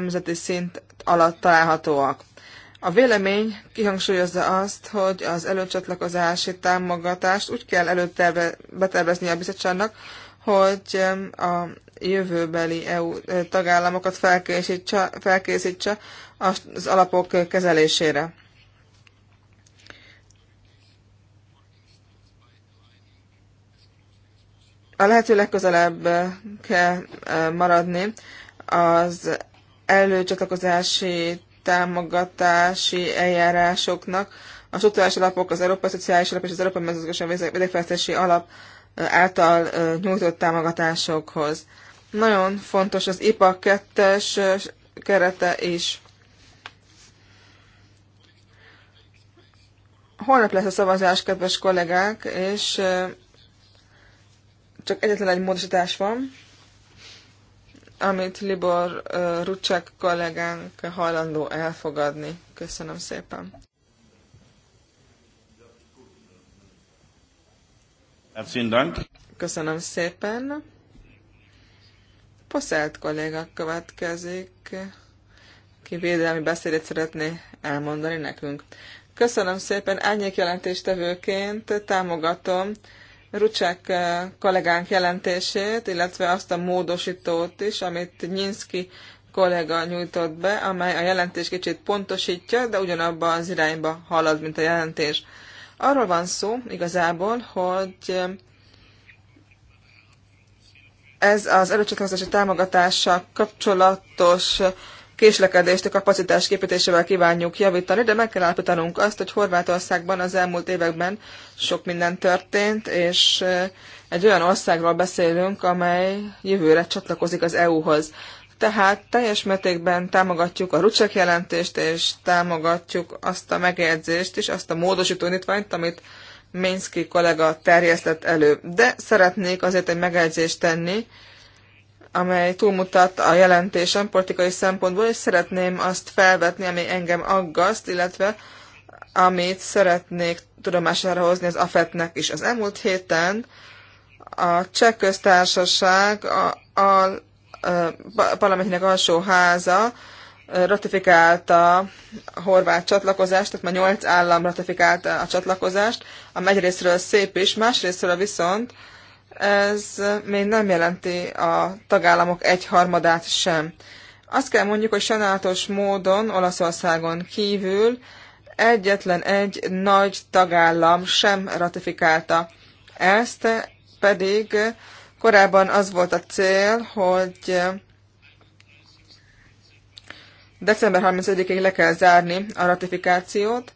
nemzeti szint alatt találhatóak. A vélemény kihangsúlyozza azt, hogy az előcsatlakozási támogatást úgy kell előtte betervezni a bizottságnak, hogy a jövőbeli EU tagállamokat felkészítse, felkészítse az alapok kezelésére. A lehető legközelebb kell maradni az előcsatlakozási támogatási eljárásoknak a struktúrás alapok, az Európai Szociális Alap és az Európai Mezőgazdasági Védekfejlesztési Alap által nyújtott támogatásokhoz. Nagyon fontos az IPA 2-es kerete is. Holnap lesz a szavazás, kedves kollégák, és csak egyetlen egy módosítás van amit Libor uh, Rucsek kollégánk hajlandó elfogadni. Köszönöm szépen. Köszönöm szépen. Poszelt kolléga következik, ki védelmi beszédét szeretné elmondani nekünk. Köszönöm szépen, ennyi jelentéstevőként támogatom Rucsek eh, kollégánk jelentését, illetve azt a módosítót is, amit Nyinszki kollega nyújtott be, amely a jelentés kicsit pontosítja, de ugyanabban az irányba halad, mint a jelentés. Arról van szó igazából, hogy eh, ez az előcsatlakozási támogatással kapcsolatos eh, késlekedést a kapacitás képítésével kívánjuk javítani, de meg kell állapítanunk azt, hogy Horvátországban az elmúlt években sok minden történt, és eh, egy olyan országról beszélünk, amely jövőre csatlakozik az EU-hoz. Tehát teljes mértékben támogatjuk a rucsek jelentést, és támogatjuk azt a megjegyzést is, azt a módosító nyitványt, amit Minszki kollega terjesztett elő. De szeretnék azért egy megjegyzést tenni, amely túlmutat a jelentésen politikai szempontból, és szeretném azt felvetni, ami engem aggaszt, illetve amit szeretnék tudomására hozni az AFET-nek is. Az elmúlt héten a cseh köztársaság a, a, a parlamentinek alsó háza ratifikálta a horvát csatlakozást, tehát már nyolc állam ratifikálta a csatlakozást, ami egyrésztről szép is, másrésztről viszont ez még nem jelenti a tagállamok egyharmadát sem. Azt kell mondjuk, hogy sajnálatos módon Olaszországon kívül egyetlen egy nagy tagállam sem ratifikálta ezt, pedig korábban az volt a cél, hogy december 31-ig le kell zárni a ratifikációt,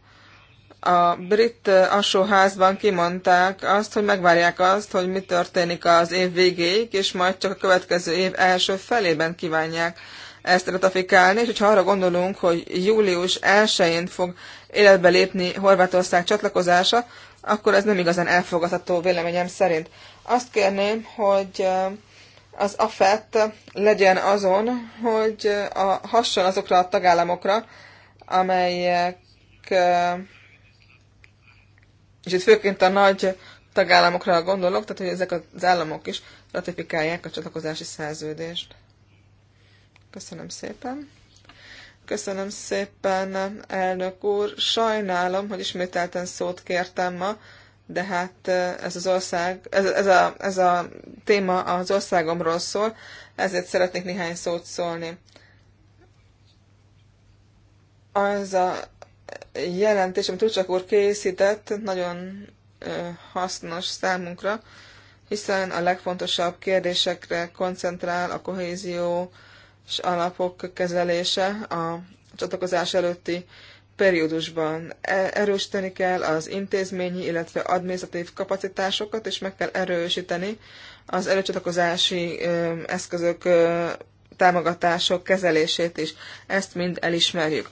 a brit alsóházban kimondták azt, hogy megvárják azt, hogy mi történik az év végéig, és majd csak a következő év első felében kívánják ezt ratifikálni, és hogyha arra gondolunk, hogy július 1-én fog életbe lépni Horvátország csatlakozása, akkor ez nem igazán elfogadható véleményem szerint. Azt kérném, hogy az AFET legyen azon, hogy a, hasson azokra a tagállamokra, amelyek és itt főként a nagy tagállamokra gondolok, tehát hogy ezek az államok is ratifikálják a csatlakozási szerződést. Köszönöm szépen. Köszönöm szépen, elnök úr. Sajnálom, hogy ismételten szót kértem ma, de hát eh, ez az ország, ez, ez, a, ez a téma az országomról szól, ezért szeretnék néhány szót szólni. Az a jelentés, amit Rucsak úr készített, nagyon hasznos számunkra, hiszen a legfontosabb kérdésekre koncentrál a kohézió és alapok kezelése a csatlakozás előtti periódusban. E, erősíteni kell az intézményi, illetve adminisztratív kapacitásokat, és meg kell erősíteni az előcsatlakozási eszközök támogatások kezelését is. Ezt mind elismerjük.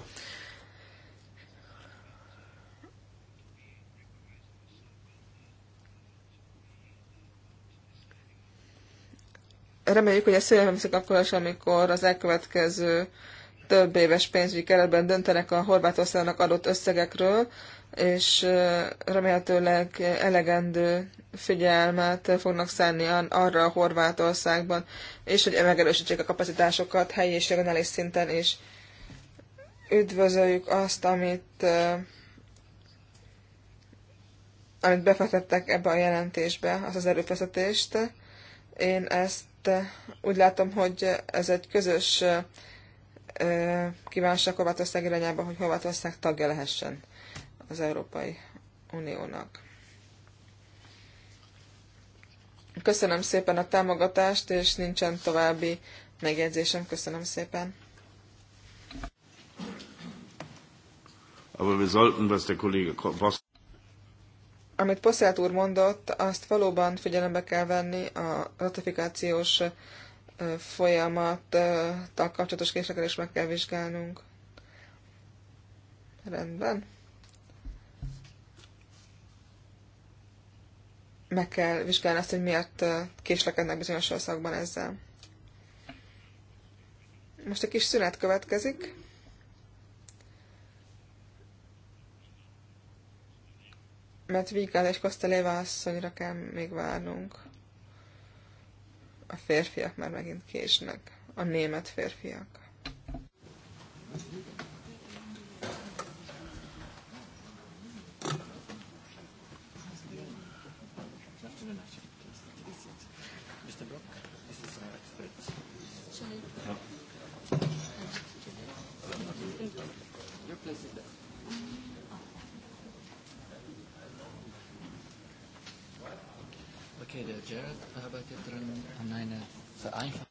reméljük, hogy ez szélvemszik akkor is, amikor az elkövetkező több éves pénzügyi keretben döntenek a Horvátországnak adott összegekről, és remélhetőleg elegendő figyelmet fognak szánni arra a Horvátországban, és hogy megerősítsék a kapacitásokat helyi és regionális szinten is. Üdvözöljük azt, amit, amit befektettek ebbe a jelentésbe, az az erőfeszítést. Én ezt úgy látom, hogy ez egy közös kívánság Horvátország irányába, hogy Horvátország tagja lehessen az Európai Uniónak. Köszönöm szépen a támogatást, és nincsen további megjegyzésem. Köszönöm szépen. Aber wir sollten, was der Kollege Voss amit Poszelt úr mondott, azt valóban figyelembe kell venni a ratifikációs folyamattal kapcsolatos is meg kell vizsgálnunk. Rendben. Meg kell vizsgálni azt, hogy miért késlekednek bizonyos országban ezzel. Most egy kis szünet következik. mert Vigal és Koszteléva asszonyra kell még várnunk. A férfiak már megint késnek. A német férfiak. Jared, aber gibt an eine Vereinfachung.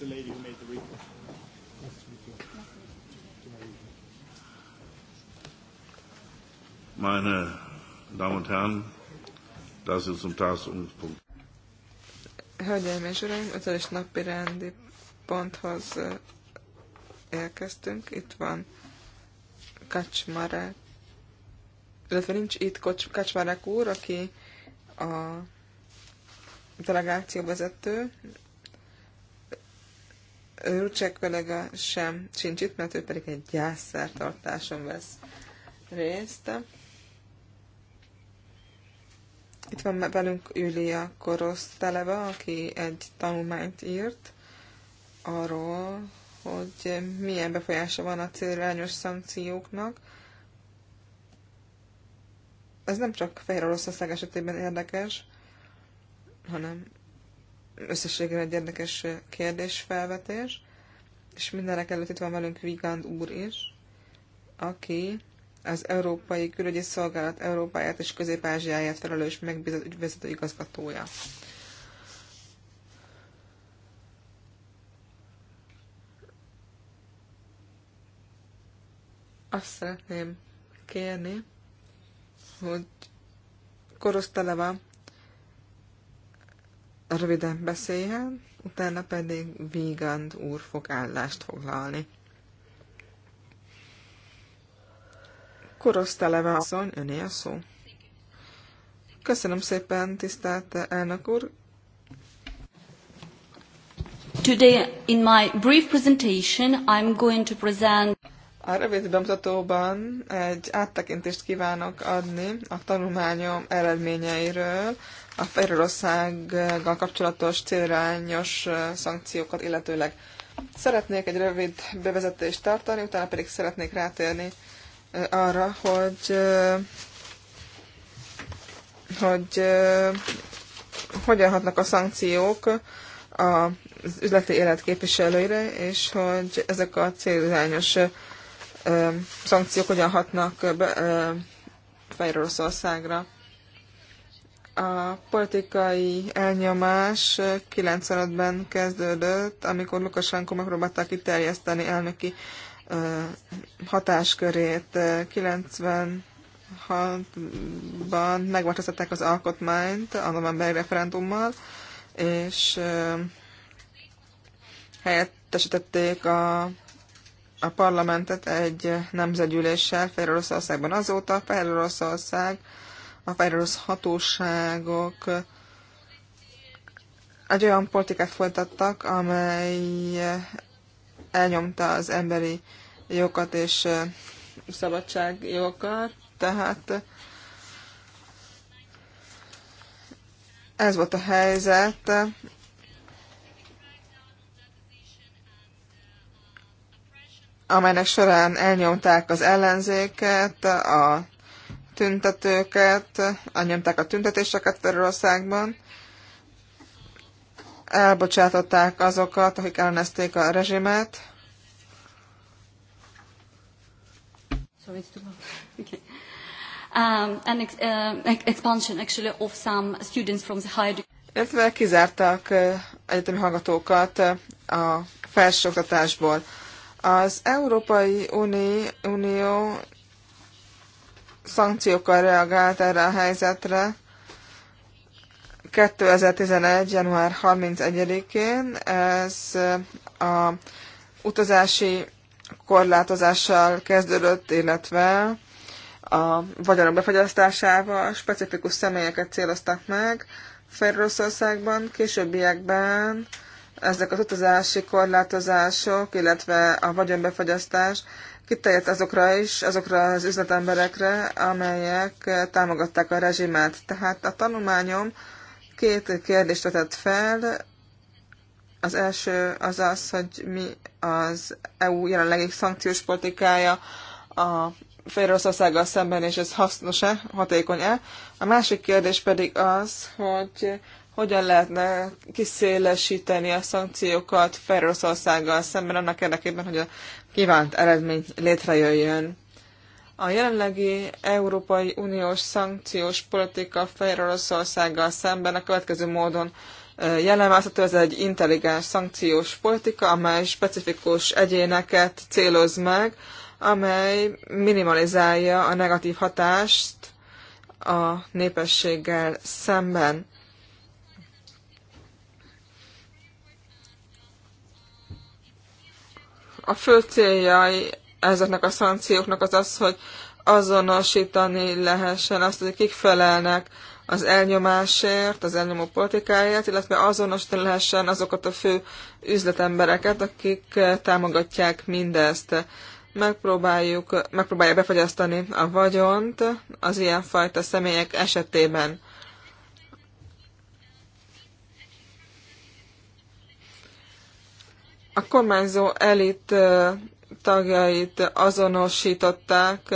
the lady who made the report. Meine Damen und Herren, das ist zum Tagesordnungspunkt. Hölgyeim és Uraim, ötös napi rendi ponthoz elkezdtünk. Itt van Kacsmarek, illetve nincs itt Kacsmarek úr, aki a delegáció vezető, Rucsek kollega sem sincs itt, mert ő pedig egy gyászszertartáson vesz részt. Itt van velünk Júlia Koroszteleva, aki egy tanulmányt írt arról, hogy milyen befolyása van a célirányos szankcióknak. Ez nem csak Fehér Oroszország esetében érdekes, hanem összességében egy érdekes kérdésfelvetés, és mindenek előtt itt van velünk Vigand úr is, aki az Európai Külügyi Szolgálat Európáját és Közép-Ázsiáját felelős megbízott ügyvezető igazgatója. Azt szeretném kérni, hogy Korosztaleva röviden beszéljen, utána pedig Vigand úr fog állást foglalni. Korosztaleve asszony, öné a szó. Köszönöm szépen, tisztelt elnök úr. Today in my brief presentation I'm going to present a rövid bemutatóban egy áttekintést kívánok adni a tanulmányom eredményeiről, a Fehérországgal kapcsolatos célrányos szankciókat illetőleg. Szeretnék egy rövid bevezetést tartani, utána pedig szeretnék rátérni arra, hogy hogy hogyan hatnak a szankciók az üzleti élet képviselőire, és hogy ezek a célirányos ö, szankciók hogyan hatnak Fehér Oroszországra. A politikai elnyomás 95-ben kezdődött, amikor Lukasenko megpróbálták kiterjeszteni elnöki ö, hatáskörét. 96-ban megváltoztatták az alkotmányt a novemberi referendummal, és ö, helyettesítették a a parlamentet egy nemzetgyűléssel Fehér azóta. Fehér a Fehér hatóságok egy olyan politikát folytattak, amely elnyomta az emberi jogokat és szabadságjogokat, tehát ez volt a helyzet amelynek során elnyomták az ellenzéket, a tüntetőket, elnyomták a tüntetéseket Törőországban, elbocsátották azokat, akik ellenezték a rezsimet. Sorry, um, uh, expansion actually of some students from the higher illetve kizártak uh, egyetemi hallgatókat uh, a felsőoktatásból. Az Európai Unió szankciókkal reagált erre a helyzetre 2011. január 31-én. Ez a utazási korlátozással kezdődött, illetve a vagyonok befagyasztásával specifikus személyeket céloztak meg Ferroszországban, későbbiekben ezek az utazási korlátozások, illetve a vagyonbefagyasztás kiterjedt azokra is, azokra az üzletemberekre, amelyek támogatták a rezsimet. Tehát a tanulmányom két kérdést vetett fel. Az első az az, hogy mi az EU jelenlegi szankciós politikája a Féloroszországgal szemben, és ez hasznos-e, hatékony-e. A másik kérdés pedig az, hogy hogyan lehetne kiszélesíteni a szankciókat Ferroszországgal szemben annak érdekében, hogy a kívánt eredmény létrejöjjön. A jelenlegi Európai Uniós szankciós politika Ferroszországgal szemben a következő módon jellemezhető, ez egy intelligens szankciós politika, amely specifikus egyéneket céloz meg, amely minimalizálja a negatív hatást a népességgel szemben. A fő céljai ezeknek a szankcióknak az az, hogy azonosítani lehessen azt, hogy kik felelnek az elnyomásért, az elnyomó politikáért, illetve azonosítani lehessen azokat a fő üzletembereket, akik támogatják mindezt. Megpróbáljuk, megpróbálja befagyasztani a vagyont az ilyenfajta személyek esetében. a kormányzó elit tagjait azonosították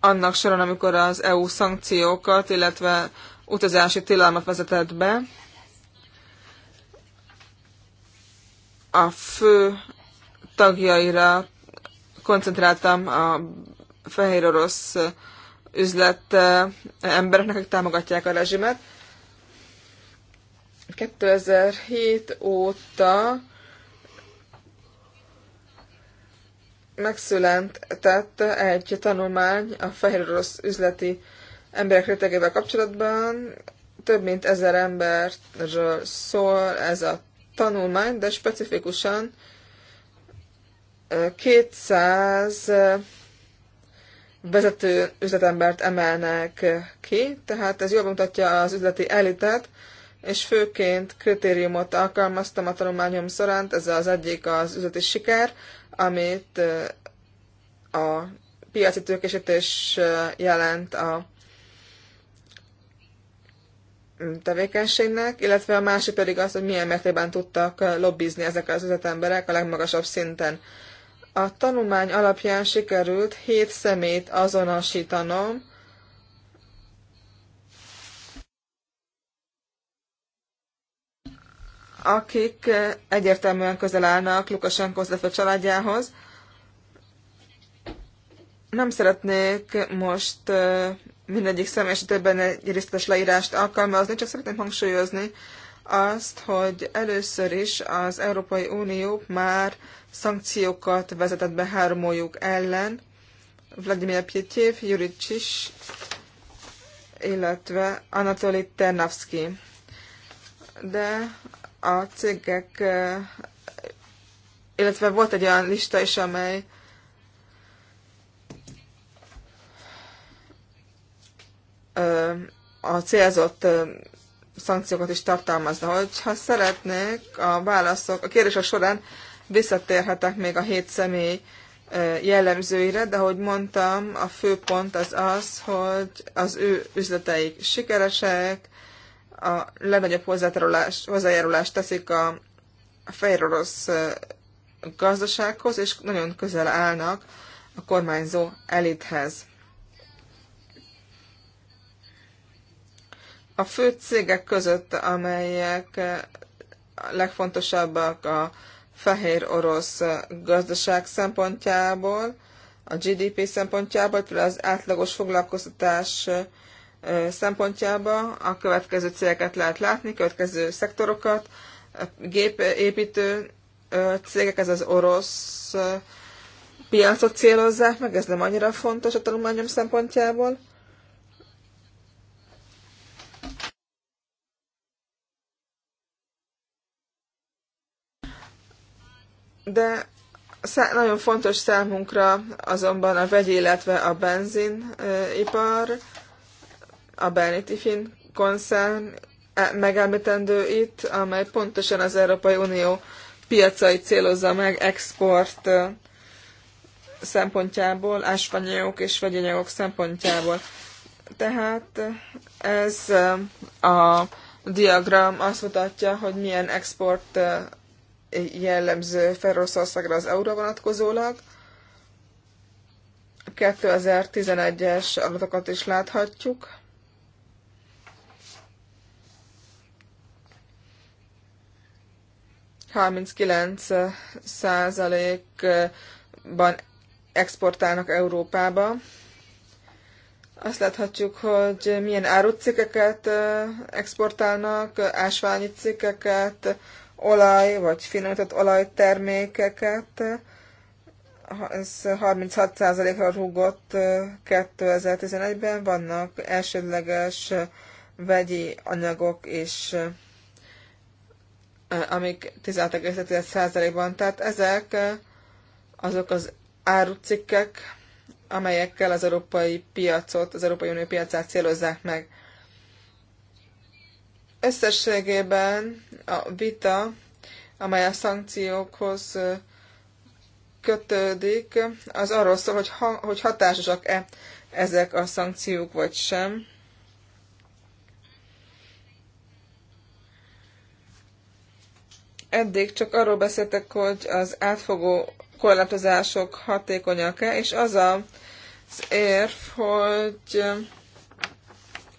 annak során, amikor az EU szankciókat, illetve utazási tilalmat vezetett be. A fő tagjaira koncentráltam a fehér orosz üzlet embereknek, akik támogatják a rezsimet. 2007 óta megszülentett egy tanulmány a fehér orosz üzleti emberek rétegével kapcsolatban. Több mint ezer emberről szól ez a tanulmány, de specifikusan 200 vezető üzletembert emelnek ki, tehát ez jól mutatja az üzleti elitet, és főként kritériumot alkalmaztam a tanulmányom során, ez az egyik az üzleti siker, amit a piaci tőkésítés jelent a tevékenységnek, illetve a másik pedig az, hogy milyen mértékben tudtak lobbizni ezek az üzletemberek a legmagasabb szinten. A tanulmány alapján sikerült hét szemét azonosítanom, akik eh, egyértelműen közel állnak Lukasenko a családjához. Nem szeretnék most eh, mindegyik személy esetében egy részletes leírást alkalmazni, csak szeretném hangsúlyozni azt, hogy először is az Európai Unió már szankciókat vezetett be hármójuk ellen, Vladimir Pietjev, Juri Csis, illetve Anatoly Ternavsky. De a cégek, illetve volt egy olyan lista is, amely a célzott szankciókat is tartalmazna. Hogyha szeretnék a válaszok, a kérdések során visszatérhetek még a hét személy jellemzőire, de ahogy mondtam, a fő pont az az, hogy az ő üzleteik sikeresek, a legnagyobb hozzájárulást teszik a fehér orosz gazdasághoz, és nagyon közel állnak a kormányzó elithez. A fő cégek között, amelyek a legfontosabbak a fehér orosz gazdaság szempontjából, a GDP szempontjából, például az átlagos foglalkoztatás szempontjába a következő cégeket lehet látni, következő szektorokat, gépépítő cégek, ez az orosz piacot célozzák meg, ez nem annyira fontos a tanulmányom szempontjából. De nagyon fontos számunkra azonban a vegy, illetve a benzinipar. E, a Berniti Fin koncern e, megelmítendő itt, amely pontosan az Európai Unió piacai célozza meg export szempontjából, ásványanyagok és vegyanyagok szempontjából. Tehát ez a diagram azt mutatja, hogy milyen export jellemző Ferroszországra az euró vonatkozólag. 2011-es adatokat is láthatjuk. 39 százalékban exportálnak Európába. Azt láthatjuk, hogy milyen árucikeket exportálnak, ásványi cikkeket, olaj vagy finomított olajtermékeket. Ez 36%-ra rúgott 2011-ben. Vannak elsődleges vegyi anyagok és Eh, amik 16,1%-ban. Tehát ezek eh, azok az árucikkek, amelyekkel az európai piacot, az Európai Unió piacát célozzák meg. Összességében a vita, amely a szankciókhoz eh, kötődik, az arról szól, hogy, ha, hogy hatásosak-e ezek a szankciók vagy sem. eddig csak arról beszéltek, hogy az átfogó korlátozások hatékonyak-e, és az a, érv, hogy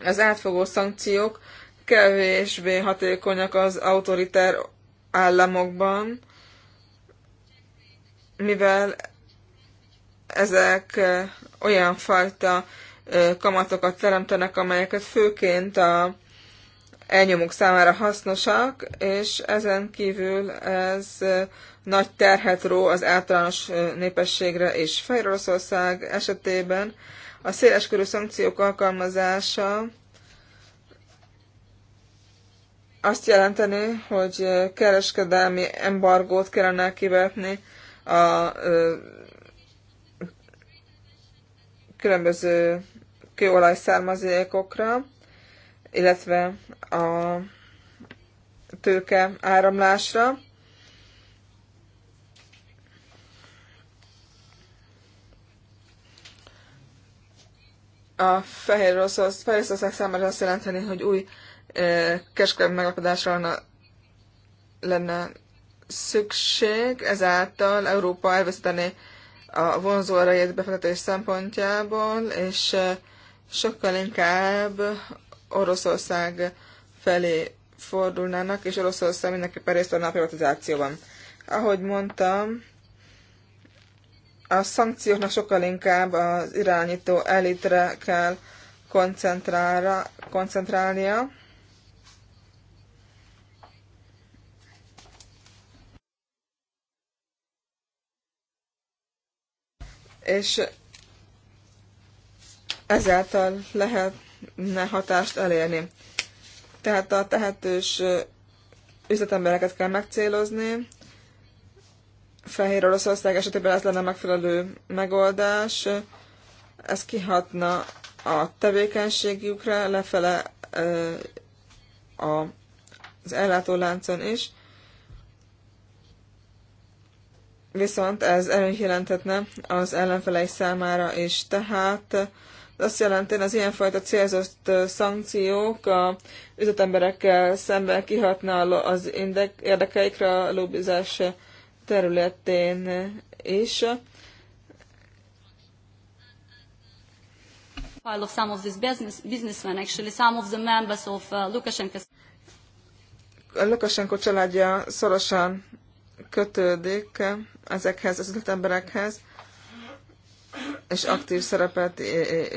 az átfogó szankciók kevésbé hatékonyak az autoritár államokban, mivel ezek olyan fajta kamatokat teremtenek, amelyeket főként a elnyomók számára hasznosak, és ezen kívül ez nagy terhet ró az általános népességre és Fejroszország esetében. A széleskörű szankciók alkalmazása azt jelenteni, hogy kereskedelmi embargót kellene kivetni a különböző kőolajszármazékokra, illetve a tőke áramlásra. A Fehér Oroszország számára azt jelenteni, hogy új kereskedelmi megakadásra lenne, lenne szükség, ezáltal Európa elvesztené a vonzó erejét befektetés szempontjából, és sokkal inkább Oroszország felé fordulnának, és Oroszország mindenképpen részt venne a privatizációban. Ahogy mondtam, a szankcióknak sokkal inkább az irányító elitre kell koncentrálnia. És ezáltal lehet ne hatást elérni. Tehát a tehetős üzletembereket kell megcélozni. Fehér Oroszország esetében ez lenne megfelelő megoldás. Ez kihatna a tevékenységükre, lefele a, az ellátóláncon is. Viszont ez előnyt jelentetne az ellenfelei számára is, tehát azt jelenti, az ilyenfajta célzott szankciók a üzletemberekkel szemben kihatna az érdekeikre a lobbizás területén is. File of some of these business, businessmen, actually some of the members of uh, Lukashenko. Lukashenko családja szorosan kötődik ezekhez az üzletemberekhez és aktív szerepet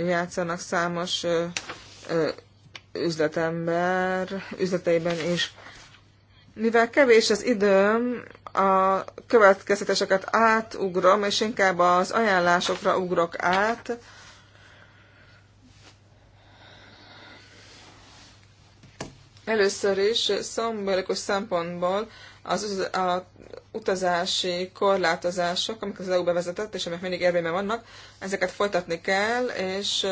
játszanak számos üzletember üzleteiben is. Mivel kevés az időm, a következeteseket átugrom, és inkább az ajánlásokra ugrok át. Először is szombolikus szempontból az a utazási korlátozások, amik az EU bevezetett, és amik mindig érvényben vannak, ezeket folytatni kell, és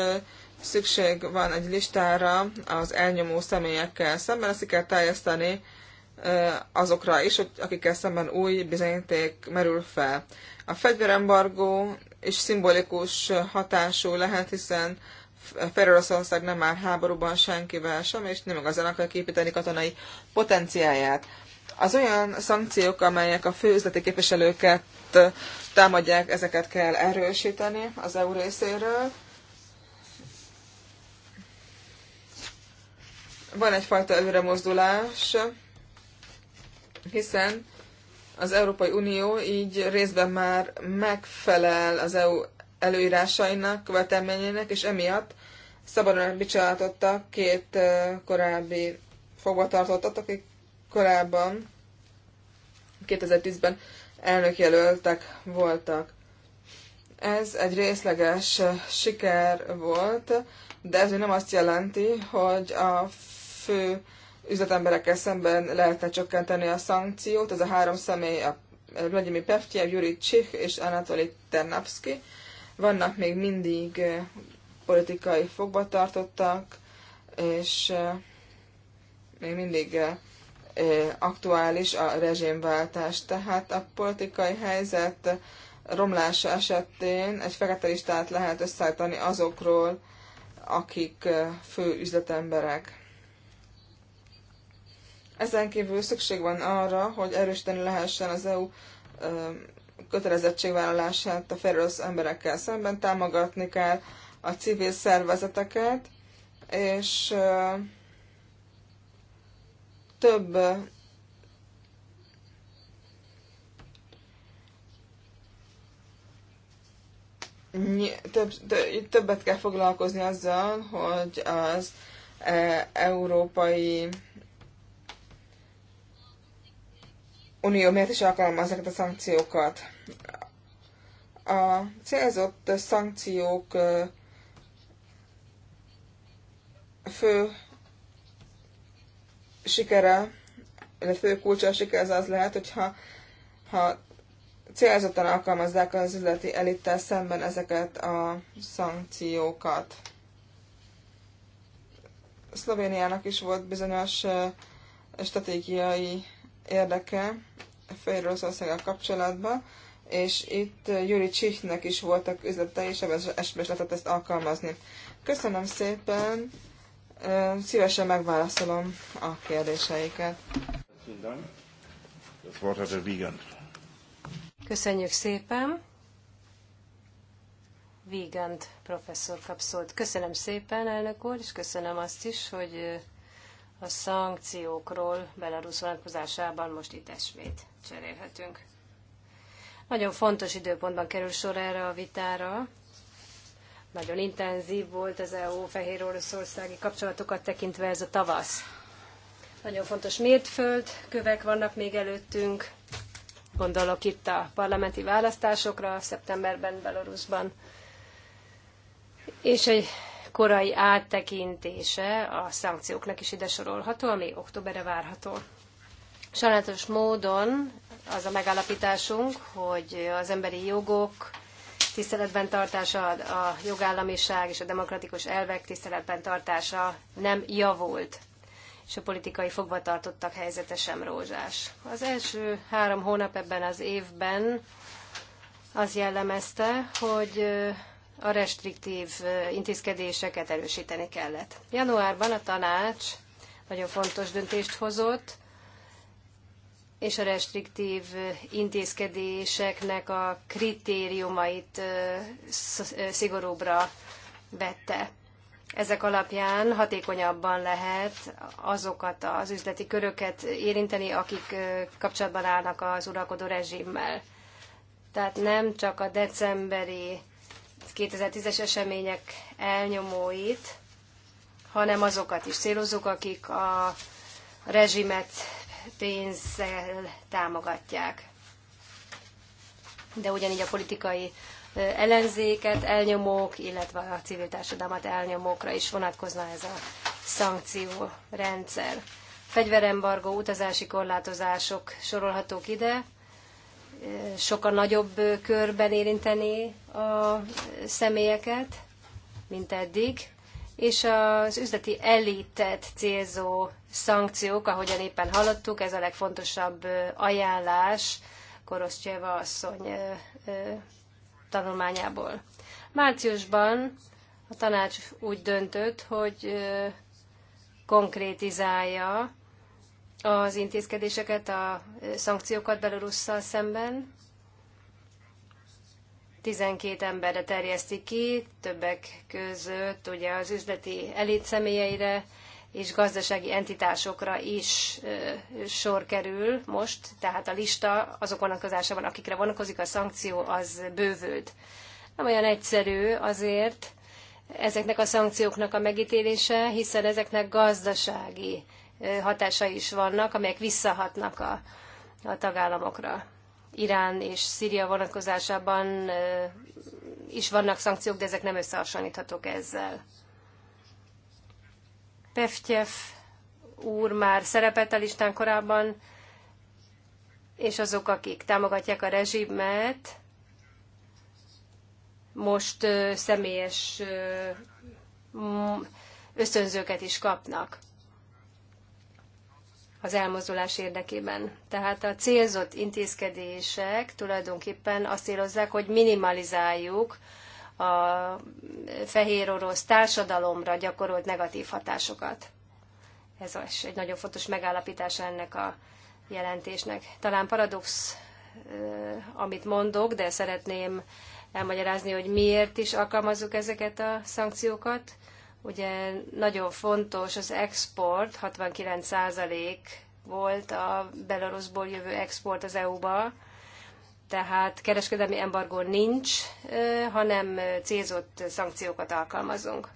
szükség van egy listára az elnyomó személyekkel szemben, ezt kell teljesíteni azokra is, akikkel szemben új bizonyíték merül fel. A fegyverembargó is szimbolikus hatású lehet, hiszen Feroroszország nem már háborúban senkivel sem, és nem igazán akarja képíteni katonai potenciáját. Az olyan szankciók, amelyek a főüzleti képviselőket támadják, ezeket kell erősíteni az EU részéről. Van egyfajta előremozdulás, hiszen az Európai Unió így részben már megfelel az EU előírásainak, követelményének, és emiatt szabadon bicsátottak két eh, korábbi fogvatartottat, akik korábban 2010-ben elnökjelöltek voltak. Ez egy részleges siker volt, de ez nem azt jelenti, hogy a fő üzletemberekkel szemben lehetne csökkenteni a szankciót. Ez a három személy, a Vladimir Peftyev, Yuri Csik és Anatoly Ternapszki. Vannak még mindig eh, politikai fogvatartottak, és eh, még mindig eh, aktuális a rezsimváltás, Tehát a politikai helyzet romlása esetén egy fekete listát lehet összeállítani azokról, akik fő üzletemberek. Ezen kívül szükség van arra, hogy erősíteni lehessen az EU kötelezettségvállalását a felelős emberekkel szemben, támogatni kell a civil szervezeteket, és több több, többet kell foglalkozni azzal, hogy az e, európai Unió miért is alkalmaz ezeket a szankciókat. A célzott szankciók fő sikere, a fő kulcsa a siker az az lehet, hogyha ha célzottan alkalmazzák az üzleti elittel szemben ezeket a szankciókat. Szlovéniának is volt bizonyos stratégiai érdeke Fehéroroszországgal kapcsolatban, és itt Juri Csichnek is voltak üzletei, és ebben esetben lehetett ezt alkalmazni. Köszönöm szépen! Szívesen megválaszolom a kérdéseiket. Köszönjük szépen. Vigand professzor kap Köszönöm szépen, elnök úr, és köszönöm azt is, hogy a szankciókról Belarus vonatkozásában most itt esmét cserélhetünk. Nagyon fontos időpontban kerül sor erre a vitára, nagyon intenzív volt az EU fehér oroszországi kapcsolatokat tekintve ez a tavasz. Nagyon fontos mértföld, kövek vannak még előttünk. Gondolok itt a parlamenti választásokra szeptemberben Belarusban. És egy korai áttekintése a szankcióknak is ide sorolható, ami októberre várható. Sajnálatos módon az a megállapításunk, hogy az emberi jogok tiszteletben tartása, a jogállamiság és a demokratikus elvek tiszteletben tartása nem javult, és a politikai fogvatartottak helyzete sem rózsás. Az első három hónap ebben az évben az jellemezte, hogy a restriktív intézkedéseket erősíteni kellett. Januárban a tanács nagyon fontos döntést hozott, és a restriktív intézkedéseknek a kritériumait szigorúbbra vette. Ezek alapján hatékonyabban lehet azokat az üzleti köröket érinteni, akik kapcsolatban állnak az uralkodó rezsimmel. Tehát nem csak a decemberi 2010-es események elnyomóit, hanem azokat is célozzuk, akik a rezsimet pénzzel támogatják. De ugyanígy a politikai ellenzéket elnyomók, illetve a civil társadalmat elnyomókra is vonatkozna ez a szankciórendszer. Fegyverembargó, utazási korlátozások sorolhatók ide, sokkal nagyobb körben érinteni a személyeket, mint eddig és az üzleti elitet célzó szankciók, ahogyan éppen hallottuk, ez a legfontosabb ajánlás Korosztyeva asszony tanulmányából. Márciusban a tanács úgy döntött, hogy konkrétizálja az intézkedéseket, a szankciókat Belorusszal szemben, 12 emberre terjeszti ki, többek között ugye az üzleti elit személyeire és gazdasági entitásokra is sor kerül most, tehát a lista azok vonatkozásában, akikre vonatkozik a szankció, az bővült. Nem olyan egyszerű azért ezeknek a szankcióknak a megítélése, hiszen ezeknek gazdasági hatásai is vannak, amelyek visszahatnak a, a tagállamokra. Irán és Szíria vonatkozásában is vannak szankciók, de ezek nem összehasonlíthatók ezzel. Pevtyev úr már szerepelt a listán korábban, és azok, akik támogatják a rezsimet, most személyes ösztönzőket is kapnak az elmozdulás érdekében. Tehát a célzott intézkedések tulajdonképpen azt célozzák, hogy minimalizáljuk a fehér orosz társadalomra gyakorolt negatív hatásokat. Ez is egy nagyon fontos megállapítás ennek a jelentésnek. Talán paradox, amit mondok, de szeretném elmagyarázni, hogy miért is alkalmazzuk ezeket a szankciókat Ugye nagyon fontos az export, 69% volt a Belarusból jövő export az EU-ba, tehát kereskedelmi embargó nincs, hanem célzott szankciókat alkalmazunk.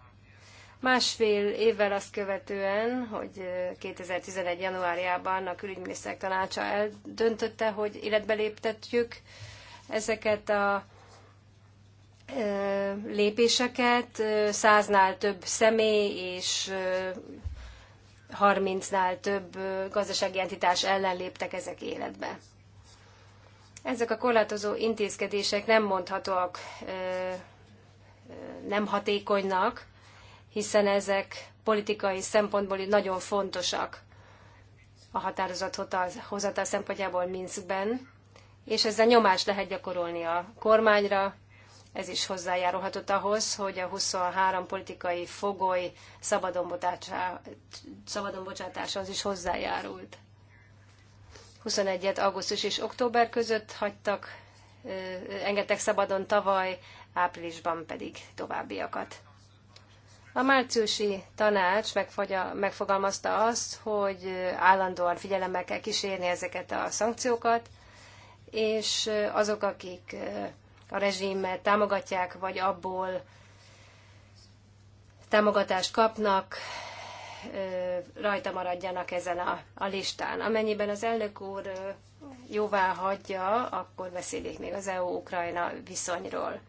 Másfél évvel azt követően, hogy 2011. januárjában a külügyminiszter tanácsa eldöntötte, hogy életbe léptetjük ezeket a lépéseket, száznál több személy és 30-nál több gazdasági entitás ellen léptek ezek életbe. Ezek a korlátozó intézkedések nem mondhatóak nem hatékonynak, hiszen ezek politikai szempontból nagyon fontosak a hozatal szempontjából Minskben, és ezzel nyomást lehet gyakorolni a kormányra, ez is hozzájárulhatott ahhoz, hogy a 23 politikai fogoly szabadon bocsátásához is hozzájárult. 21-et augusztus és október között hagytak, engedtek szabadon tavaly, áprilisban pedig továbbiakat. A márciusi tanács megfogalmazta azt, hogy állandóan figyelemmel kell kísérni ezeket a szankciókat, és azok, akik a rezsimmel támogatják, vagy abból támogatást kapnak, rajta maradjanak ezen a, a listán. Amennyiben az elnök úr jóvá hagyja, akkor beszélik még az EU-Ukrajna viszonyról.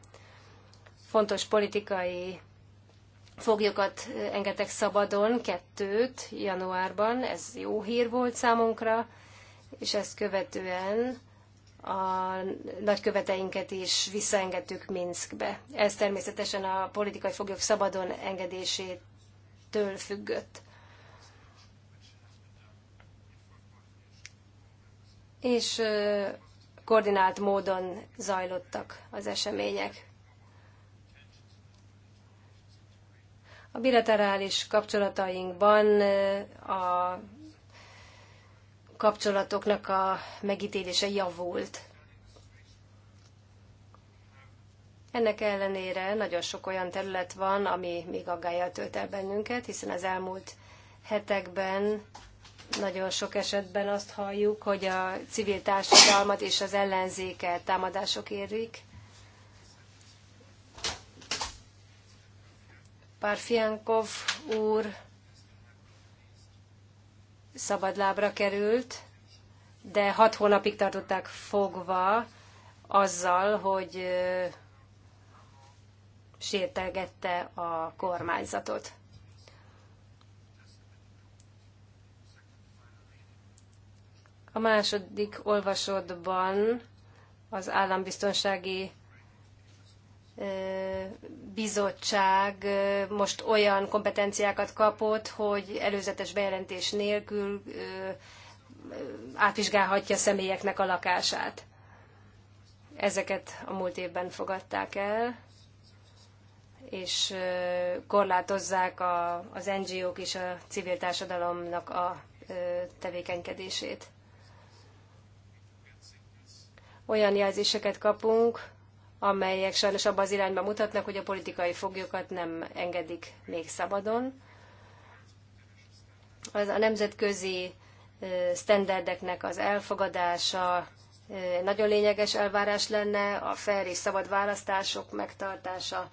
Fontos politikai foglyokat engedtek szabadon, kettőt januárban, ez jó hír volt számunkra, és ezt követően a nagyköveteinket is visszaengedtük Minskbe. Ez természetesen a politikai foglyok szabadon engedésétől függött. És koordinált módon zajlottak az események. A bilaterális kapcsolatainkban a kapcsolatoknak a megítélése javult. Ennek ellenére nagyon sok olyan terület van, ami még aggályal tölt el bennünket, hiszen az elmúlt hetekben nagyon sok esetben azt halljuk, hogy a civil társadalmat és az ellenzéket támadások érik. Parfiankov úr szabadlábra került, de hat hónapig tartották fogva azzal, hogy sértelgette a kormányzatot. A második olvasatban az állambiztonsági bizottság most olyan kompetenciákat kapott, hogy előzetes bejelentés nélkül átvizsgálhatja személyeknek a lakását. Ezeket a múlt évben fogadták el, és korlátozzák a, az NGO-k és a civil társadalomnak a tevékenykedését. Olyan jelzéseket kapunk, amelyek sajnos abban az irányba mutatnak, hogy a politikai foglyokat nem engedik még szabadon. Az a nemzetközi sztenderdeknek az elfogadása nagyon lényeges elvárás lenne, a fair és szabad választások megtartása,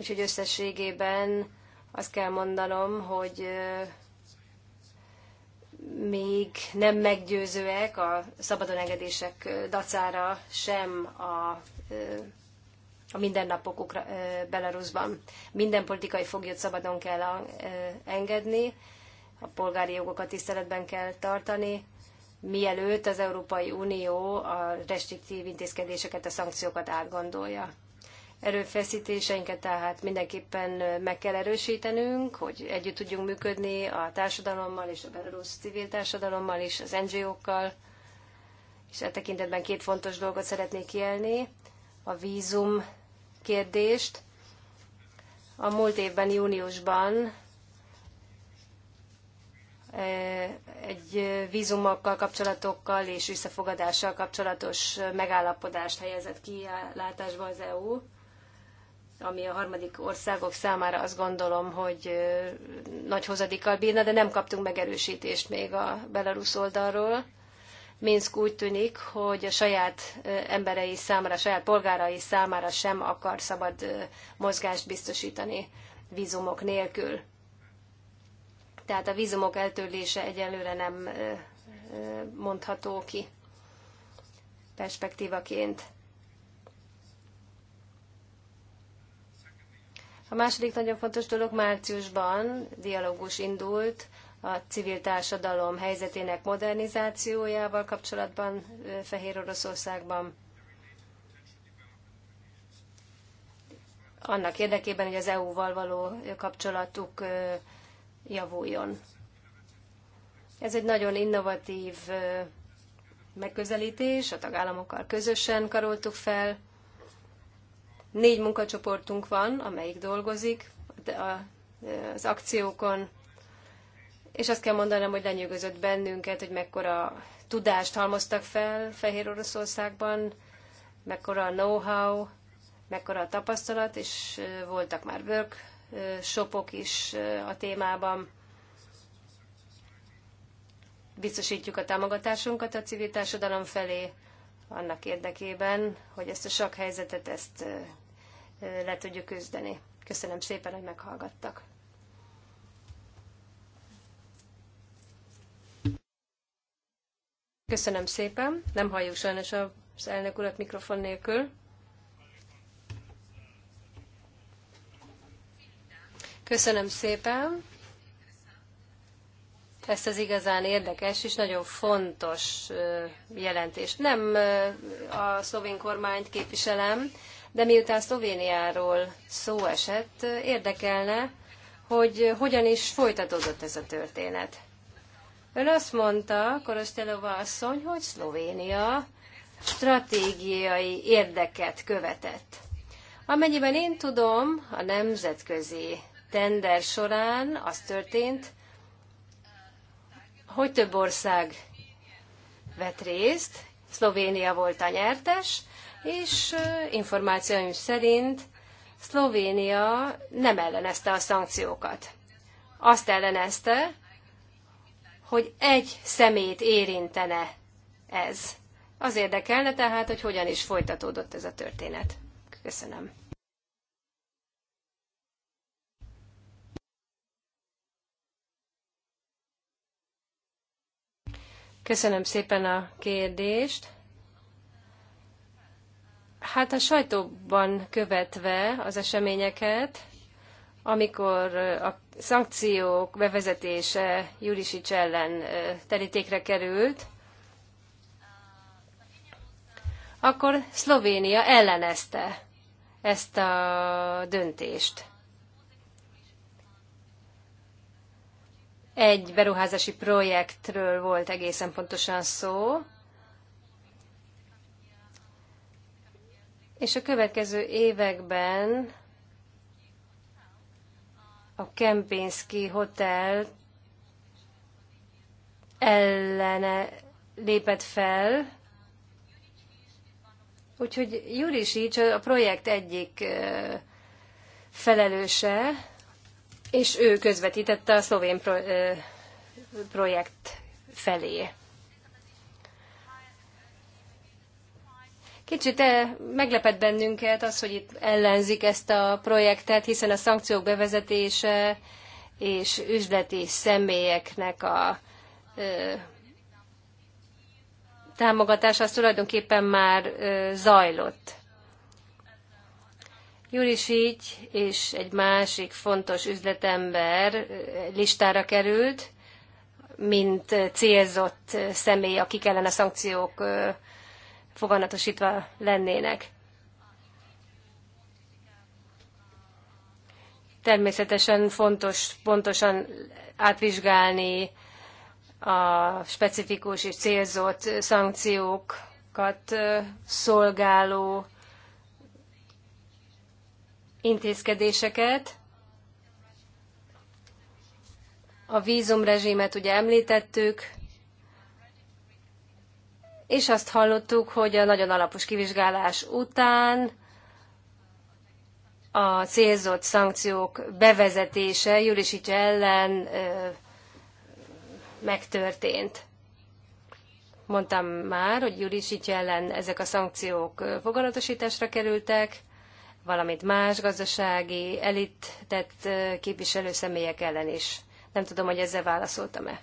úgyhogy összességében azt kell mondanom, hogy még nem meggyőzőek a szabadon engedések dacára sem a a mindennapokuk Belarusban. Minden politikai foglyot szabadon kell engedni, a polgári jogokat tiszteletben kell tartani, mielőtt az Európai Unió a restriktív intézkedéseket, a szankciókat átgondolja. Erőfeszítéseinket tehát mindenképpen meg kell erősítenünk, hogy együtt tudjunk működni a társadalommal és a belarusz civil társadalommal is, az NGO-kkal, és e tekintetben két fontos dolgot szeretnék kielni a vízum kérdést. A múlt évben, júniusban e, egy vízumokkal kapcsolatokkal és visszafogadással kapcsolatos megállapodást helyezett ki az EU, ami a harmadik országok számára azt gondolom, hogy e, nagy hozadikkal bírna, de nem kaptunk megerősítést még a Belarus oldalról. Minsk úgy tűnik, hogy a saját emberei számára, a saját polgárai számára sem akar szabad mozgást biztosítani vízumok nélkül. Tehát a vízumok eltörlése egyelőre nem mondható ki perspektívaként. A második nagyon fontos dolog, márciusban dialógus indult a civil társadalom helyzetének modernizációjával kapcsolatban Fehér Oroszországban. Annak érdekében, hogy az EU-val való kapcsolatuk javuljon. Ez egy nagyon innovatív megközelítés, a tagállamokkal közösen karoltuk fel. Négy munkacsoportunk van, amelyik dolgozik az akciókon, és azt kell mondanom, hogy lenyűgözött bennünket, hogy mekkora tudást halmoztak fel Fehér Oroszországban, mekkora know-how, mekkora a tapasztalat, és voltak már workshopok is a témában. Biztosítjuk a támogatásunkat a civil társadalom felé, annak érdekében, hogy ezt a sok helyzetet ezt le tudjuk küzdeni. Köszönöm szépen, hogy meghallgattak. Köszönöm szépen. Nem halljuk sajnos az elnök urat mikrofon nélkül. Köszönöm szépen ezt az igazán érdekes és nagyon fontos jelentést. Nem a szlovén kormányt képviselem, de miután Szlovéniáról szó esett, érdekelne, hogy hogyan is folytatódott ez a történet. Ön azt mondta, Korostelova asszony, hogy Szlovénia stratégiai érdeket követett. Amennyiben én tudom, a nemzetközi tender során az történt, hogy több ország vett részt, Szlovénia volt a nyertes, és információim szerint Szlovénia nem ellenezte a szankciókat. Azt ellenezte, hogy egy szemét érintene ez. Az érdekelne tehát, hogy hogyan is folytatódott ez a történet. Köszönöm. Köszönöm szépen a kérdést. Hát a sajtóban követve az eseményeket, amikor a szankciók bevezetése Jurisics ellen terítékre került, akkor Szlovénia ellenezte ezt a döntést. Egy beruházási projektről volt egészen pontosan szó, és a következő években a Kempinski Hotel ellene lépett fel, úgyhogy Sics a projekt egyik felelőse, és ő közvetítette a szlovén projekt felé. Kicsit eh, meglepett bennünket az, hogy itt ellenzik ezt a projektet, hiszen a szankciók bevezetése és üzleti személyeknek a ö, támogatása az tulajdonképpen már ö, zajlott. Juris így és egy másik fontos üzletember listára került, mint célzott személy, akik ellen a szankciók foganatosítva lennének. Természetesen fontos pontosan átvizsgálni a specifikus és célzott szankciókat szolgáló intézkedéseket. A vízumrezsimet ugye említettük, és azt hallottuk, hogy a nagyon alapos kivizsgálás után a célzott szankciók bevezetése Jurisics ellen ö, megtörtént. Mondtam már, hogy Jurisics ellen ezek a szankciók fogalatosításra kerültek, valamint más gazdasági, elittett képviselő személyek ellen is. Nem tudom, hogy ezzel válaszoltam-e.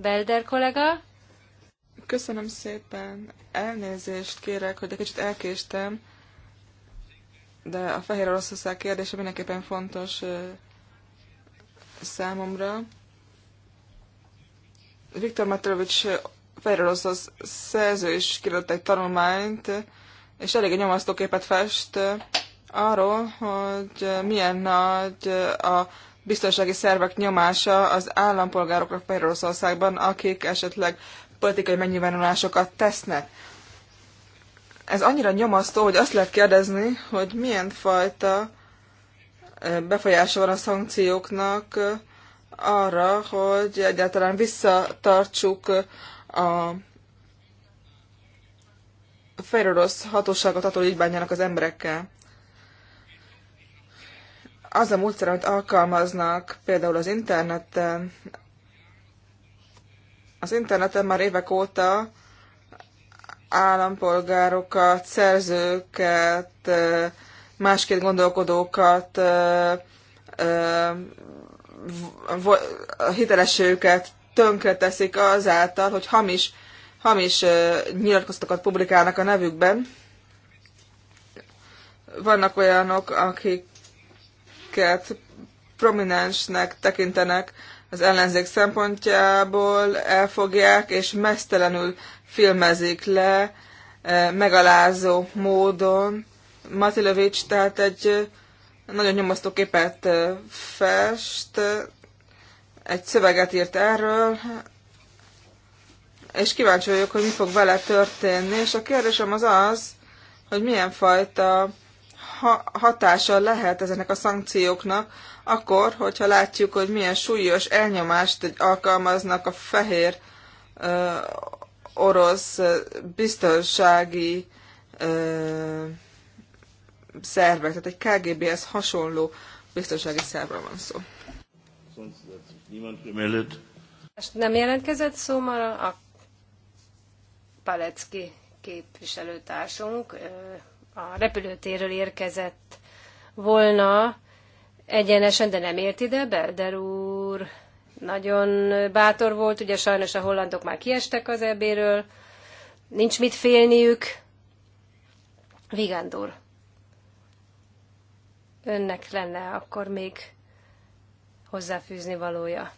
Belder kollega. Köszönöm szépen. Elnézést kérek, hogy egy kicsit elkéstem, de a Fehér Oroszország kérdése mindenképpen fontos számomra. Viktor Matrovics Fehér Oroszország szerző is kiadott egy tanulmányt, és elég nyomasztóképet fest arról, hogy milyen nagy a biztonsági szervek nyomása az állampolgárokra Fehéroroszországban, akik esetleg politikai megnyilvánulásokat tesznek. Ez annyira nyomasztó, hogy azt lehet kérdezni, hogy milyen fajta befolyása van a szankcióknak arra, hogy egyáltalán visszatartsuk a fejrorosz hatóságot attól, így bánjanak az emberekkel az a módszer, amit alkalmaznak például az interneten, az interneten már évek óta állampolgárokat, szerzőket, másként gondolkodókat, hitelesőket tönkre teszik azáltal, hogy hamis, hamis nyilatkozatokat publikálnak a nevükben. Vannak olyanok, akik akiket prominensnek tekintenek az ellenzék szempontjából, elfogják és mesztelenül filmezik le eh, megalázó módon. Matilovics tehát egy eh, nagyon nyomasztó képet eh, fest, egy szöveget írt erről, és kíváncsi vagyok, hogy mi fog vele történni, és a kérdésem az az, hogy milyen fajta ha hatása lehet ezeknek a szankcióknak, akkor, hogyha látjuk, hogy milyen súlyos elnyomást alkalmaznak a fehér ö, orosz biztonsági ö, szervek, tehát egy KGB-hez hasonló biztonsági szervről van szó. Nem jelentkezett szó már a Palecki képviselőtársunk a repülőtérről érkezett volna egyenesen, de nem ért ide, Belder úr nagyon bátor volt, ugye sajnos a hollandok már kiestek az ebéről, nincs mit félniük. Vigándor. úr, önnek lenne akkor még hozzáfűzni valója.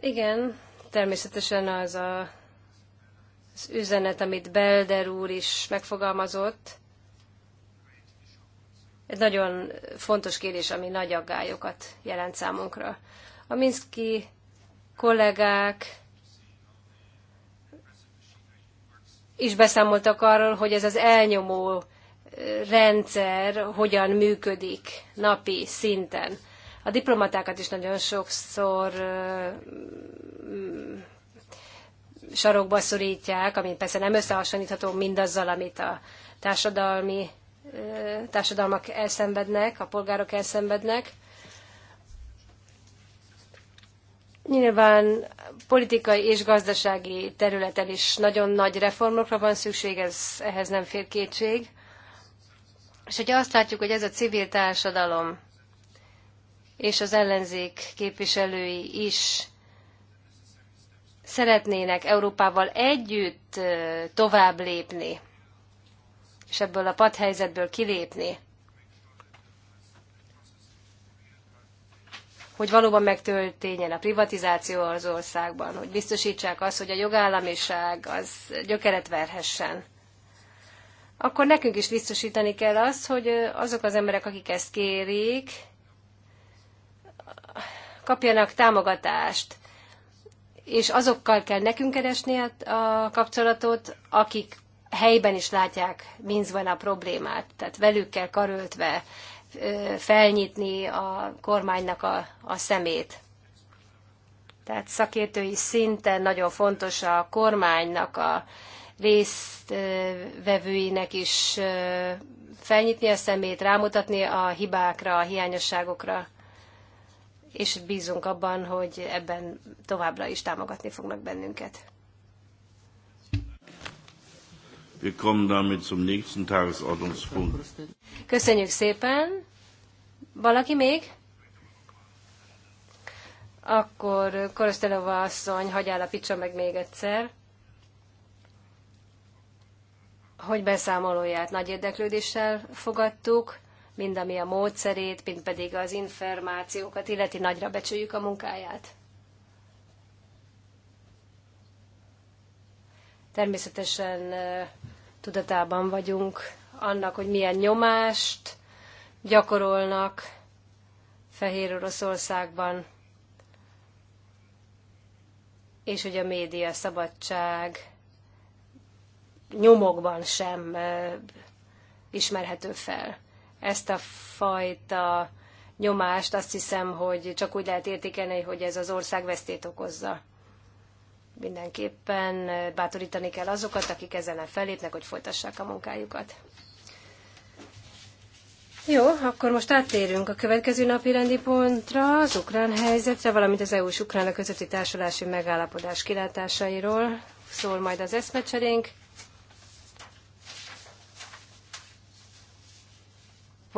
Igen, természetesen az a az üzenet, amit Belder úr is megfogalmazott, egy nagyon fontos kérdés, ami nagy aggályokat jelent számunkra. A Minszki kollégák is beszámoltak arról, hogy ez az elnyomó rendszer hogyan működik napi szinten. A diplomatákat is nagyon sokszor sarokba szorítják, ami persze nem összehasonlítható mindazzal, amit a társadalmi társadalmak elszenvednek, a polgárok elszenvednek. Nyilván politikai és gazdasági területen is nagyon nagy reformokra van szükség, ez, ehhez nem fér kétség. És hogyha azt látjuk, hogy ez a civil társadalom és az ellenzék képviselői is szeretnének Európával együtt tovább lépni, és ebből a padhelyzetből kilépni, hogy valóban megtörténjen a privatizáció az országban, hogy biztosítsák azt, hogy a jogállamiság az gyökeret verhessen, akkor nekünk is biztosítani kell azt, hogy azok az emberek, akik ezt kérik, kapjanak támogatást és azokkal kell nekünk keresni a, a kapcsolatot, akik helyben is látják van a problémát, tehát velük kell karöltve felnyitni a kormánynak a, a szemét. Tehát szakértői szinten nagyon fontos a kormánynak, a résztvevőinek is felnyitni a szemét, rámutatni a hibákra, a hiányosságokra, és bízunk abban, hogy ebben továbbra is támogatni fognak bennünket. Wir kommen damit zum nächsten Tagesordnungspunkt. Köszönjük szépen. Valaki még? Akkor Korosztelova asszony, hagyj állapítsa meg még egyszer, hogy beszámolóját nagy érdeklődéssel fogadtuk mind ami a módszerét, mind pedig az információkat illeti nagyra becsüljük a munkáját. Természetesen tudatában vagyunk annak, hogy milyen nyomást gyakorolnak Fehér Oroszországban, és hogy a média szabadság nyomokban sem ismerhető fel. Ezt a fajta nyomást azt hiszem, hogy csak úgy lehet értékelni, hogy ez az ország vesztét okozza. Mindenképpen bátorítani kell azokat, akik ezen felépnek, hogy folytassák a munkájukat. Jó, akkor most áttérünk a következő napi rendi pontra, az ukrán helyzetre, valamint az EU-s ukrán közötti társulási megállapodás kilátásairól szól majd az eszmecserénk.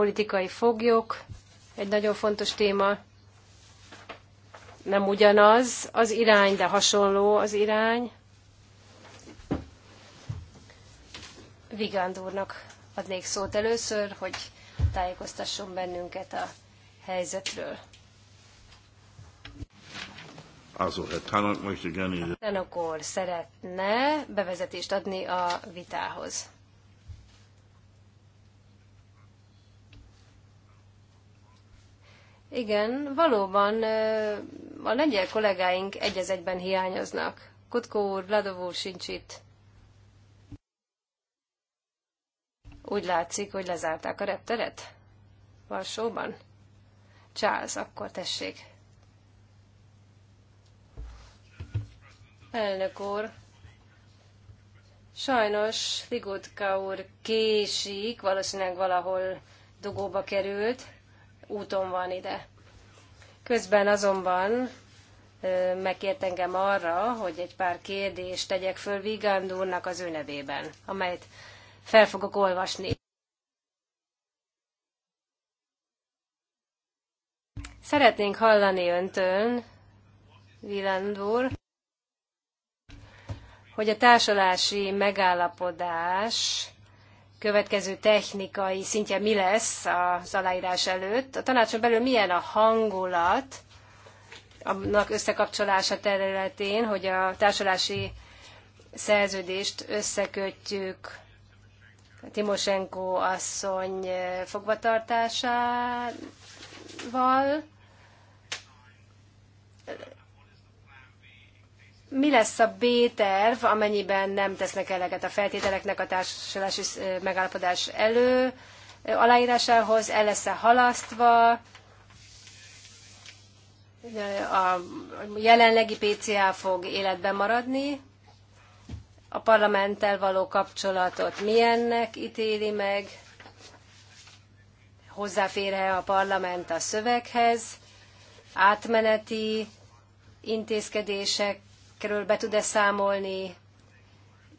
politikai foglyok, egy nagyon fontos téma. Nem ugyanaz az irány, de hasonló az irány. Vigánd úrnak adnék szót először, hogy tájékoztasson bennünket a helyzetről. Also, Herr Tanok möchte gerne... Tanok szeretne bevezetést adni a vitához. Igen, valóban a lengyel kollégáink egy egyben hiányoznak. Kutkó úr, Vladov úr sincs itt. Úgy látszik, hogy lezárták a repteret? Varsóban? Charles, akkor tessék. Elnök úr, sajnos Vigodka úr késik, valószínűleg valahol dugóba került úton van ide. Közben azonban megkért engem arra, hogy egy pár kérdést tegyek föl Vigand úrnak az ő nevében, amelyet fel fogok olvasni. Szeretnénk hallani öntől, Viland úr, hogy a társulási megállapodás következő technikai szintje mi lesz az aláírás előtt. A tanácson belül milyen a hangulat annak összekapcsolása területén, hogy a társulási szerződést összekötjük Timosenko asszony fogvatartásával, mi lesz a B-terv, amennyiben nem tesznek eleget a feltételeknek a társulási megállapodás elő aláírásához, el lesz-e halasztva, a jelenlegi PCA fog életben maradni, a parlamenttel való kapcsolatot milyennek ítéli meg, -e a parlament a szöveghez, átmeneti intézkedések körül be tud-e számolni,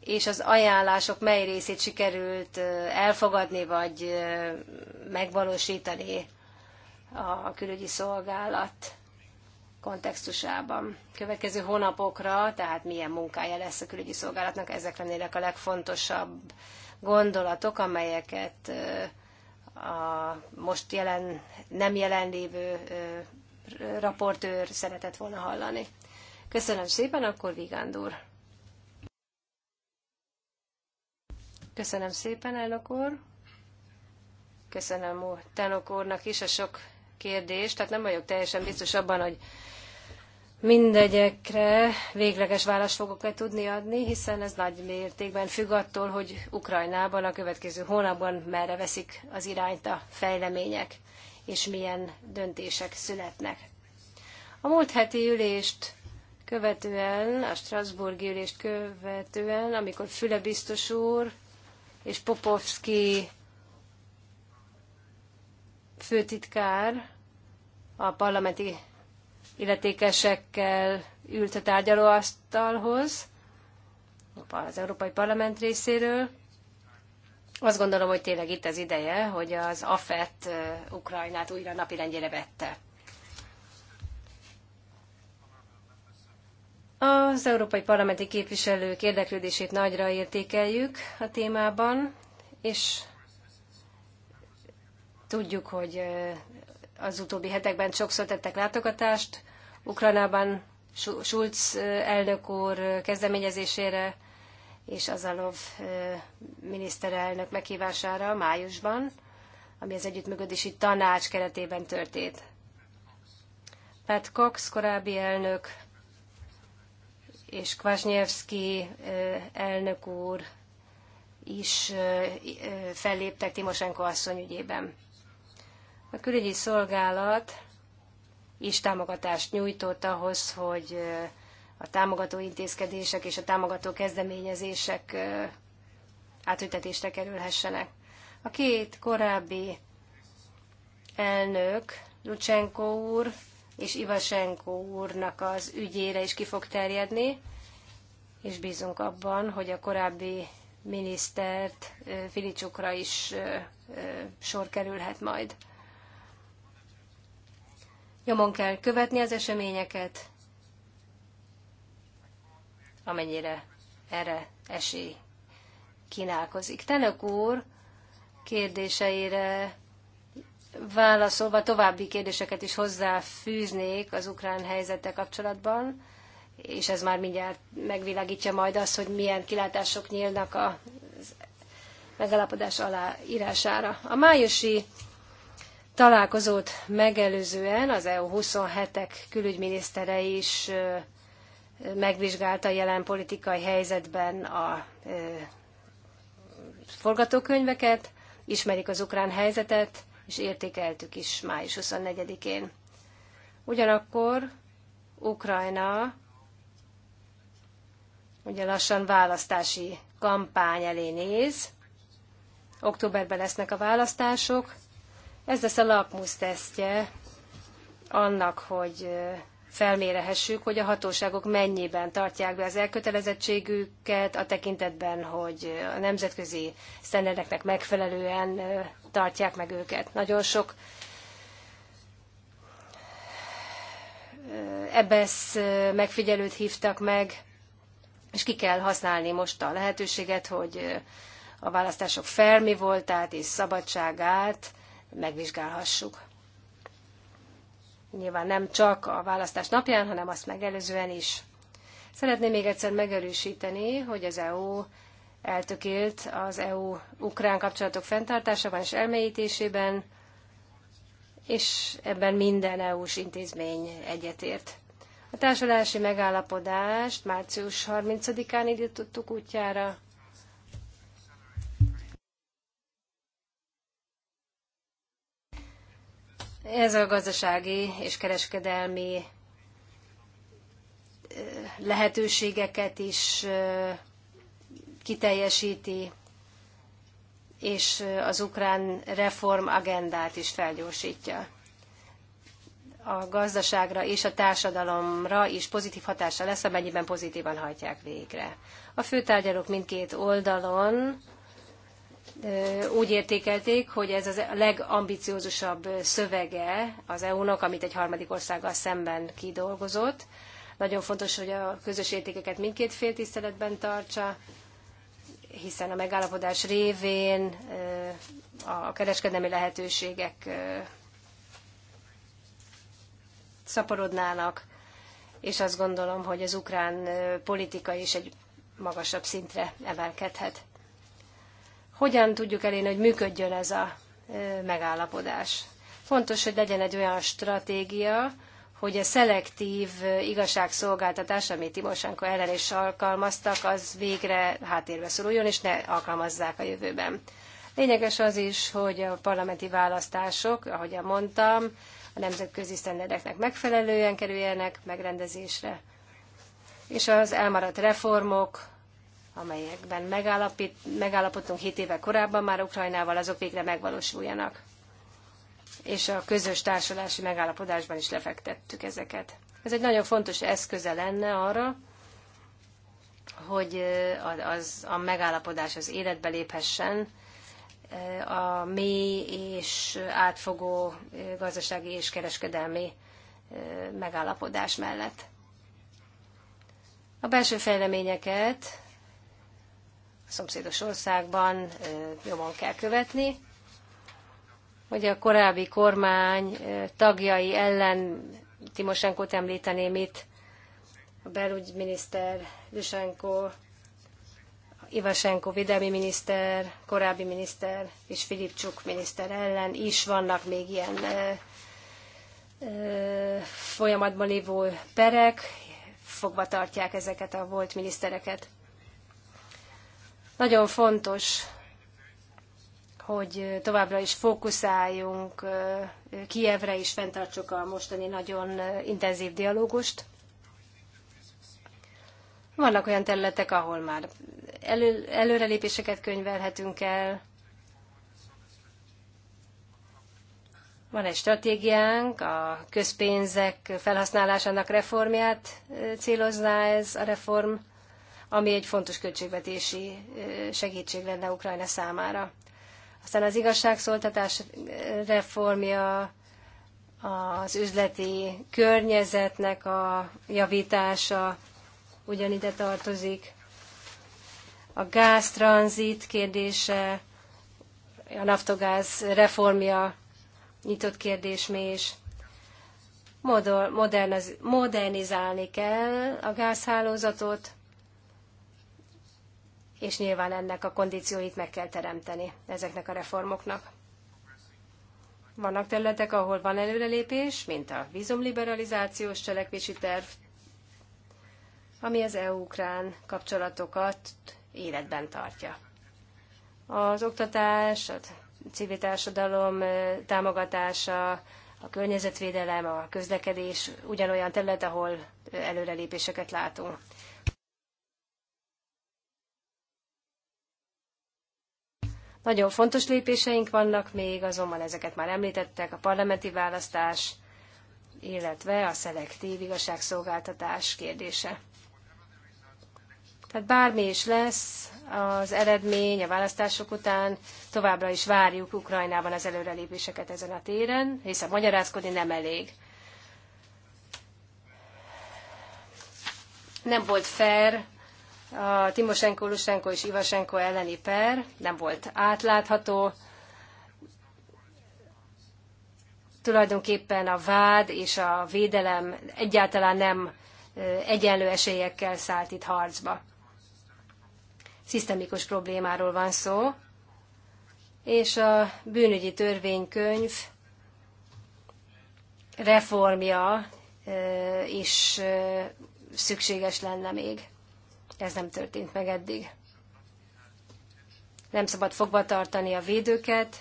és az ajánlások mely részét sikerült elfogadni vagy megvalósítani a külügyi szolgálat kontextusában. Következő hónapokra, tehát milyen munkája lesz a külügyi szolgálatnak, ezek lennének a legfontosabb gondolatok, amelyeket a most jelen, nem jelenlévő raportőr szeretett volna hallani. Köszönöm szépen, akkor úr. Köszönöm szépen, elnök úr. Köszönöm úr, Tenok úrnak is a sok kérdést. Tehát nem vagyok teljesen biztos abban, hogy mindegyekre végleges választ fogok-e tudni adni, hiszen ez nagy mértékben függ attól, hogy Ukrajnában a következő hónapban merre veszik az irányt a fejlemények, és milyen döntések születnek. A múlt heti ülést követően, a Strasbourg ülést követően, amikor Füle biztos úr és Popovski főtitkár a parlamenti illetékesekkel ült a tárgyalóasztalhoz, az Európai Parlament részéről. Azt gondolom, hogy tényleg itt az ideje, hogy az AFET eh, Ukrajnát újra napirendjére vette. Az európai parlamenti képviselők érdeklődését nagyra értékeljük a témában, és tudjuk, hogy eh, az utóbbi hetekben sokszor tettek látogatást. Ukrajnában Schulz eh, elnök úr eh, kezdeményezésére és Azalov miniszterelnök meghívására májusban, ami az együttműködési tanács keretében történt. Pat Cox korábbi elnök és Kvasnyevski elnök úr is felléptek Timosenko asszony ügyében. A külügyi szolgálat is támogatást nyújtott ahhoz, hogy a támogató intézkedések és a támogató kezdeményezések átültetésre kerülhessenek. A két korábbi elnök, Lucsenko úr és Ivasenko úrnak az ügyére is ki fog terjedni, és bízunk abban, hogy a korábbi minisztert Filicsukra is sor kerülhet majd. Nyomon kell követni az eseményeket, amennyire erre esély kínálkozik. Tenök úr kérdéseire válaszolva további kérdéseket is hozzáfűznék az ukrán helyzettel kapcsolatban, és ez már mindjárt megvilágítja majd azt, hogy milyen kilátások nyílnak a megállapodás alá írására. A májusi találkozót megelőzően az EU 27-ek külügyminisztere is megvizsgálta a jelen politikai helyzetben a forgatókönyveket, ismerik az ukrán helyzetet, és értékeltük is május 24-én. Ugyanakkor Ukrajna ugye lassan választási kampány elé néz. Októberben lesznek a választások. Ez lesz a lakmusztesztje annak, hogy felmérehessük, hogy a hatóságok mennyiben tartják be az elkötelezettségüket a tekintetben, hogy a nemzetközi sztenderdeknek megfelelően tartják meg őket. Nagyon sok EBESZ megfigyelőt hívtak meg, és ki kell használni most a lehetőséget, hogy a választások fermi voltát és szabadságát megvizsgálhassuk nyilván nem csak a választás napján, hanem azt megelőzően is. Szeretném még egyszer megerősíteni, hogy az EU eltökélt az EU-ukrán kapcsolatok fenntartásában és elmélyítésében, és ebben minden EU-s intézmény egyetért. A társulási megállapodást március 30-án indítottuk útjára, Ez a gazdasági és kereskedelmi lehetőségeket is kiteljesíti, és az ukrán reform agendát is felgyorsítja. A gazdaságra és a társadalomra is pozitív hatása lesz, amennyiben pozitívan hajtják végre. A főtárgyalók mindkét oldalon úgy értékelték, hogy ez az a legambiciózusabb szövege az EU-nak, amit egy harmadik országgal szemben kidolgozott. Nagyon fontos, hogy a közös értékeket mindkét fél tiszteletben tartsa, hiszen a megállapodás révén a kereskedelmi lehetőségek szaporodnának, és azt gondolom, hogy az ukrán politika is egy magasabb szintre emelkedhet hogyan tudjuk elérni, hogy működjön ez a megállapodás. Fontos, hogy legyen egy olyan stratégia, hogy a szelektív igazságszolgáltatás, amit Timosenko ellen is alkalmaztak, az végre háttérbe szoruljon, és ne alkalmazzák a jövőben. Lényeges az is, hogy a parlamenti választások, ahogyan mondtam, a nemzetközi sztenderdeknek megfelelően kerüljenek megrendezésre, és az elmaradt reformok amelyekben megállapít, megállapodtunk 7 éve korábban már Ukrajnával, azok végre megvalósuljanak. És a közös társulási megállapodásban is lefektettük ezeket. Ez egy nagyon fontos eszköze lenne arra, hogy az, a megállapodás az életbe léphessen, a mély és átfogó gazdasági és kereskedelmi megállapodás mellett. A belső fejleményeket szomszédos országban nyomon kell követni, Ugye a korábbi kormány tagjai ellen Timosenkot említeném itt, a belügyminiszter Lysenko, Ivasenko videmi miniszter, korábbi miniszter és Filipcsuk miniszter ellen is vannak még ilyen ö, folyamatban lévő perek, fogva tartják ezeket a volt minisztereket. Nagyon fontos, hogy továbbra is fókuszáljunk Kievre, és fenntartsuk a mostani nagyon intenzív dialógust. Vannak olyan területek, ahol már elő, előrelépéseket könyvelhetünk el. Van egy stratégiánk, a közpénzek felhasználásának reformját célozná ez a reform ami egy fontos költségvetési segítség lenne Ukrajna számára. Aztán az igazságszoltatás reformja, az üzleti környezetnek a javítása ugyanide tartozik. A gáztranzit kérdése, a naftogáz reformja nyitott kérdés mi is. modernizálni kell a gázhálózatot, és nyilván ennek a kondícióit meg kell teremteni ezeknek a reformoknak. Vannak területek, ahol van előrelépés, mint a vízumliberalizációs cselekvési terv, ami az EU-ukrán kapcsolatokat életben tartja. Az oktatás, a civil társadalom támogatása, a környezetvédelem, a közlekedés ugyanolyan terület, ahol előrelépéseket látunk. Nagyon fontos lépéseink vannak még, azonban ezeket már említettek, a parlamenti választás, illetve a szelektív igazságszolgáltatás kérdése. Tehát bármi is lesz az eredmény a választások után, továbbra is várjuk Ukrajnában az előrelépéseket ezen a téren, hiszen magyarázkodni nem elég. Nem volt fair a Timosenko, Lusenko és Ivasenko elleni per nem volt átlátható. Tulajdonképpen a vád és a védelem egyáltalán nem egyenlő esélyekkel szállt itt harcba. Szisztemikus problémáról van szó, és a bűnügyi törvénykönyv reformja is szükséges lenne még. Ez nem történt meg eddig. Nem szabad fogva tartani a védőket,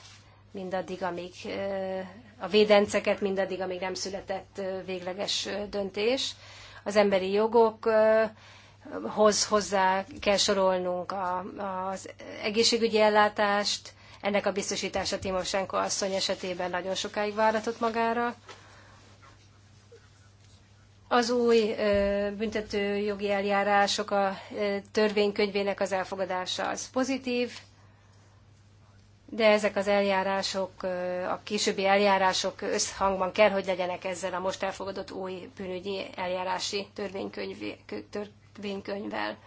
mindaddig, amíg a védenceket, mindaddig, amíg nem született végleges döntés. Az emberi jogok hoz hozzá kell sorolnunk a, az egészségügyi ellátást, ennek a biztosítása Timoshenko asszony esetében nagyon sokáig váratott magára. Az új büntetőjogi eljárások a törvénykönyvének az elfogadása az pozitív, de ezek az eljárások, a későbbi eljárások összhangban kell, hogy legyenek ezzel a most elfogadott új bűnügyi eljárási törvénykönyvvel.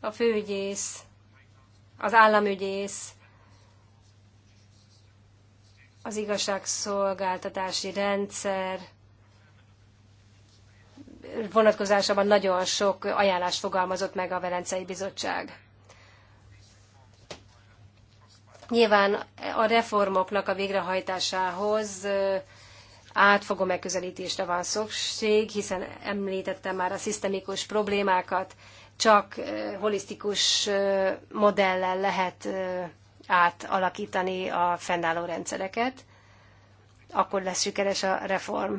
A főügyész, az államügyész, az igazságszolgáltatási rendszer, vonatkozásában nagyon sok ajánlást fogalmazott meg a Velencei Bizottság. Nyilván a reformoknak a végrehajtásához átfogó megközelítésre van szükség, hiszen említettem már a szisztemikus problémákat, csak holisztikus modellel lehet átalakítani a fennálló rendszereket, akkor lesz sikeres a reform.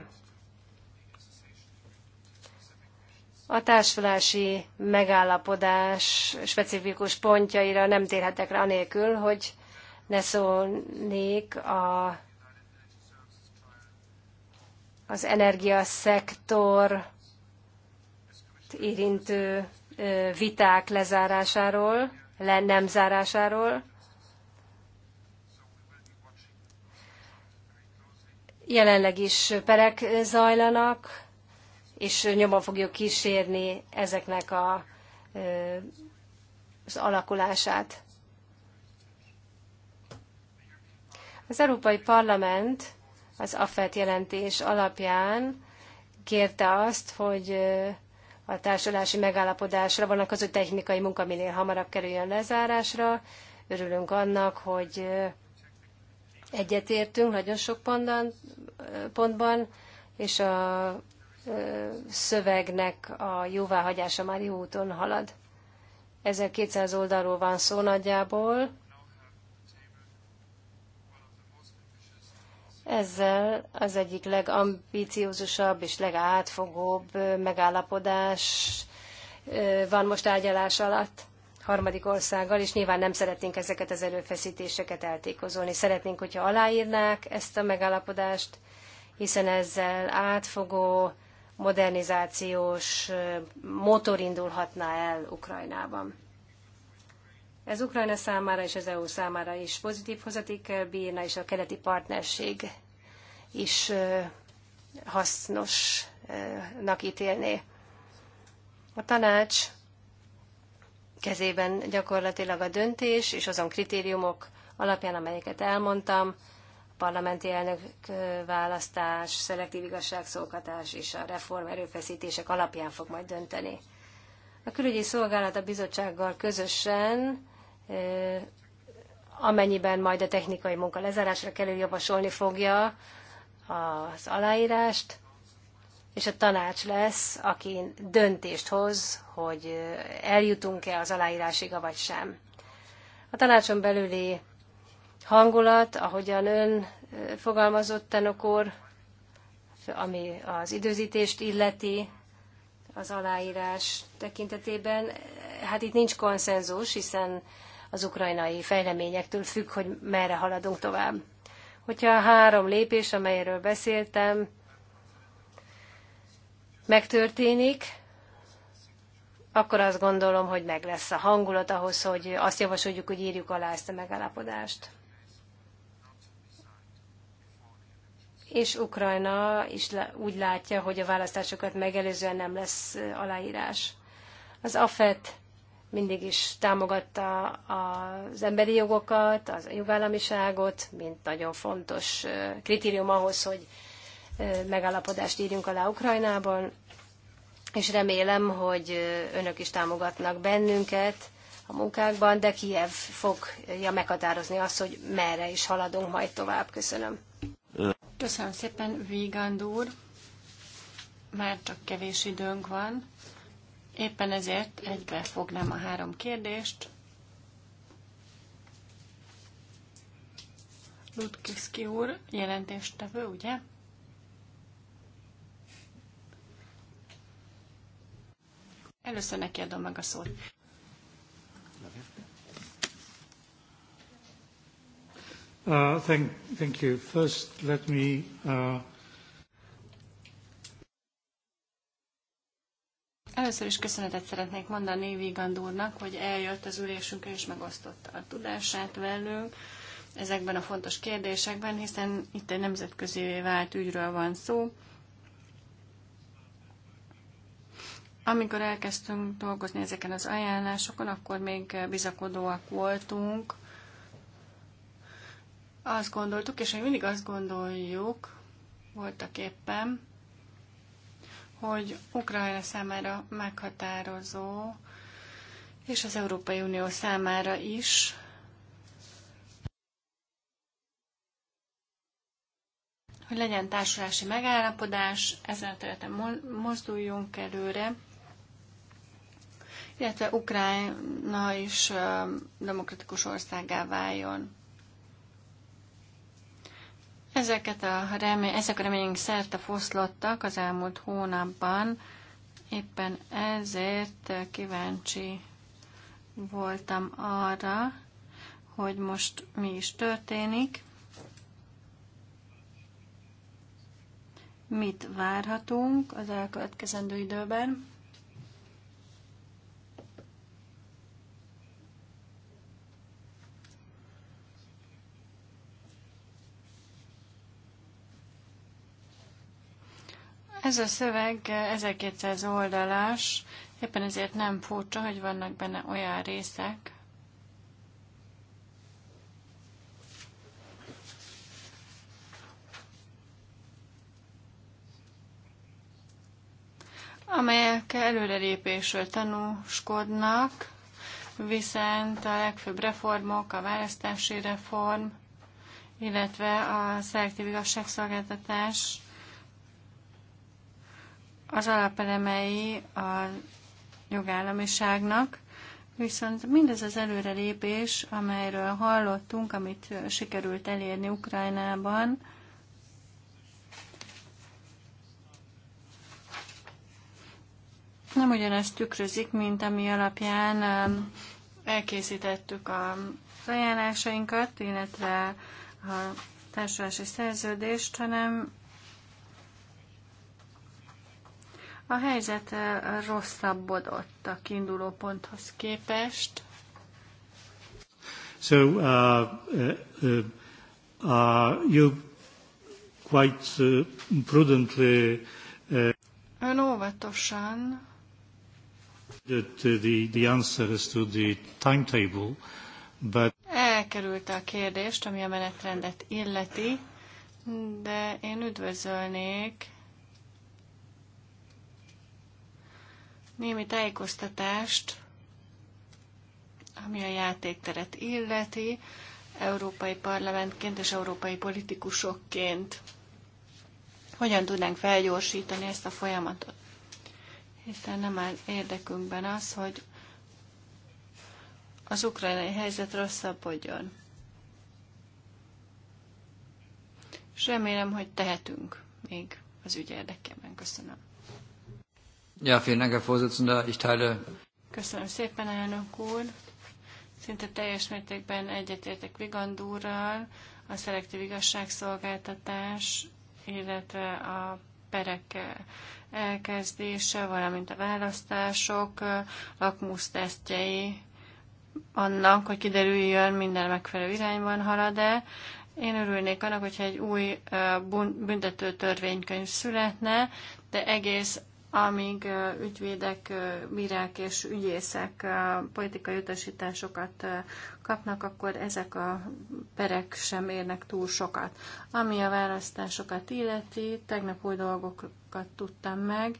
a társulási megállapodás specifikus pontjaira nem térhetek rá anélkül, hogy ne szólnék a, az energiaszektor érintő viták lezárásáról, le nem zárásáról. Jelenleg is perek zajlanak, és nyomon fogjuk kísérni ezeknek a, az alakulását. Az Európai Parlament az AFET jelentés alapján kérte azt, hogy a társulási megállapodásra vonatkozó technikai munka minél hamarabb kerüljön lezárásra. Örülünk annak, hogy egyetértünk nagyon sok pontban, pontban és a szövegnek a jóváhagyása már jó úton halad. 1200 oldalról van szó nagyjából. Ezzel az egyik legambiciózusabb és legátfogóbb megállapodás van most ágyalás alatt harmadik országgal, és nyilván nem szeretnénk ezeket az erőfeszítéseket eltékozolni. Szeretnénk, hogyha aláírnák ezt a megállapodást, hiszen ezzel átfogó modernizációs motor indulhatna el Ukrajnában. Ez Ukrajna számára és az EU számára is pozitív hozatékkel bírna, és a keleti partnerség is hasznosnak ítélné. A tanács kezében gyakorlatilag a döntés és azon kritériumok alapján, amelyeket elmondtam, parlamenti elnök választás, szelektív igazságszolgatás és a reform erőfeszítések alapján fog majd dönteni. A külügyi szolgálat a bizottsággal közösen, amennyiben majd a technikai munka lezárásra kerül, javasolni fogja az aláírást, és a tanács lesz, aki döntést hoz, hogy eljutunk-e az aláírásig, vagy sem. A tanácson belüli hangulat, ahogyan ön eh, fogalmazott, tenokor, ami az időzítést illeti, az aláírás tekintetében. Hát itt nincs konszenzus, hiszen az ukrajnai fejleményektől függ, hogy merre haladunk tovább. Hogyha a három lépés, amelyről beszéltem, megtörténik, akkor azt gondolom, hogy meg lesz a hangulat ahhoz, hogy azt javasoljuk, hogy írjuk alá ezt a megállapodást. és Ukrajna is úgy látja, hogy a választásokat megelőzően nem lesz aláírás. Az AFET mindig is támogatta az emberi jogokat, az jogállamiságot, mint nagyon fontos kritérium ahhoz, hogy megállapodást írjunk alá Ukrajnában, és remélem, hogy önök is támogatnak bennünket a munkákban, de Kiev fogja meghatározni azt, hogy merre is haladunk majd tovább. Köszönöm. Köszönöm szépen, Vígand úr. Már csak kevés időnk van. Éppen ezért egybe fognám a három kérdést. Ludkiszki úr, jelentéstevő, ugye? Először neki adom meg a szót. Uh, thank, you. First, let me uh, Először is köszönetet szeretnék mondani Vigand úrnak, hogy eljött az ülésünkre és megosztotta a tudását velünk ezekben a fontos kérdésekben, hiszen itt egy nemzetközi vált ügyről van szó. Amikor elkezdtünk dolgozni ezeken az ajánlásokon, akkor még bizakodóak voltunk, azt gondoltuk, és még mindig azt gondoljuk, voltak éppen, hogy Ukrajna számára meghatározó, és az Európai Unió számára is hogy legyen társulási megállapodás, ezen a területen mozduljunk előre, illetve Ukrajna is demokratikus országá váljon. Ezeket a remé- ezek a reményünk szerte foszlottak az elmúlt hónapban, éppen ezért kíváncsi voltam arra, hogy most mi is történik, mit várhatunk az elkövetkezendő időben. Ez a szöveg 1200 eh, oldalas, éppen ezért nem furcsa, hogy vannak benne olyan részek, amelyek előrelépésről tanúskodnak, viszont a legfőbb reformok, a választási reform, illetve a szelektív igazságszolgáltatás az alapelemei a jogállamiságnak, viszont mindez az előrelépés, amelyről hallottunk, amit sikerült elérni Ukrajnában, nem ugyanezt tükrözik, mint ami alapján um, elkészítettük a ajánlásainkat, illetve a társulási szerződést, hanem A helyzet rosszabbodott a kiinduló ponthoz képest. So uh, uh, uh, you quite uh, prudently uh, Ön óvatosan that the, the answer is to the timetable, but elkerülte a kérdést, ami a menetrendet illeti, de én üdvözölnék némi tájékoztatást, ami a játékteret illeti, európai parlamentként és európai politikusokként. Hogyan tudnánk felgyorsítani ezt a folyamatot? Hiszen nem áll érdekünkben az, hogy az ukrajnai helyzet rosszabbodjon. És remélem, hogy tehetünk még az ügy érdekében. Köszönöm. Ja, vielen Dank, Herr Vorsitzender. Ich teile... Köszönöm szépen, elnök úr. Szinte teljes mértékben egyetértek Vigandúrral. A szelektív igazságszolgáltatás, illetve a perek elkezdése, valamint a választások lakmusztesztjei annak, hogy kiderüljön, minden megfelelő irányban halad-e. Én örülnék annak, hogyha egy új büntető törvénykönyv születne, de egész amíg ügyvédek, bírák és ügyészek politikai utasításokat kapnak, akkor ezek a perek sem érnek túl sokat. Ami a választásokat illeti, tegnap új dolgokat tudtam meg.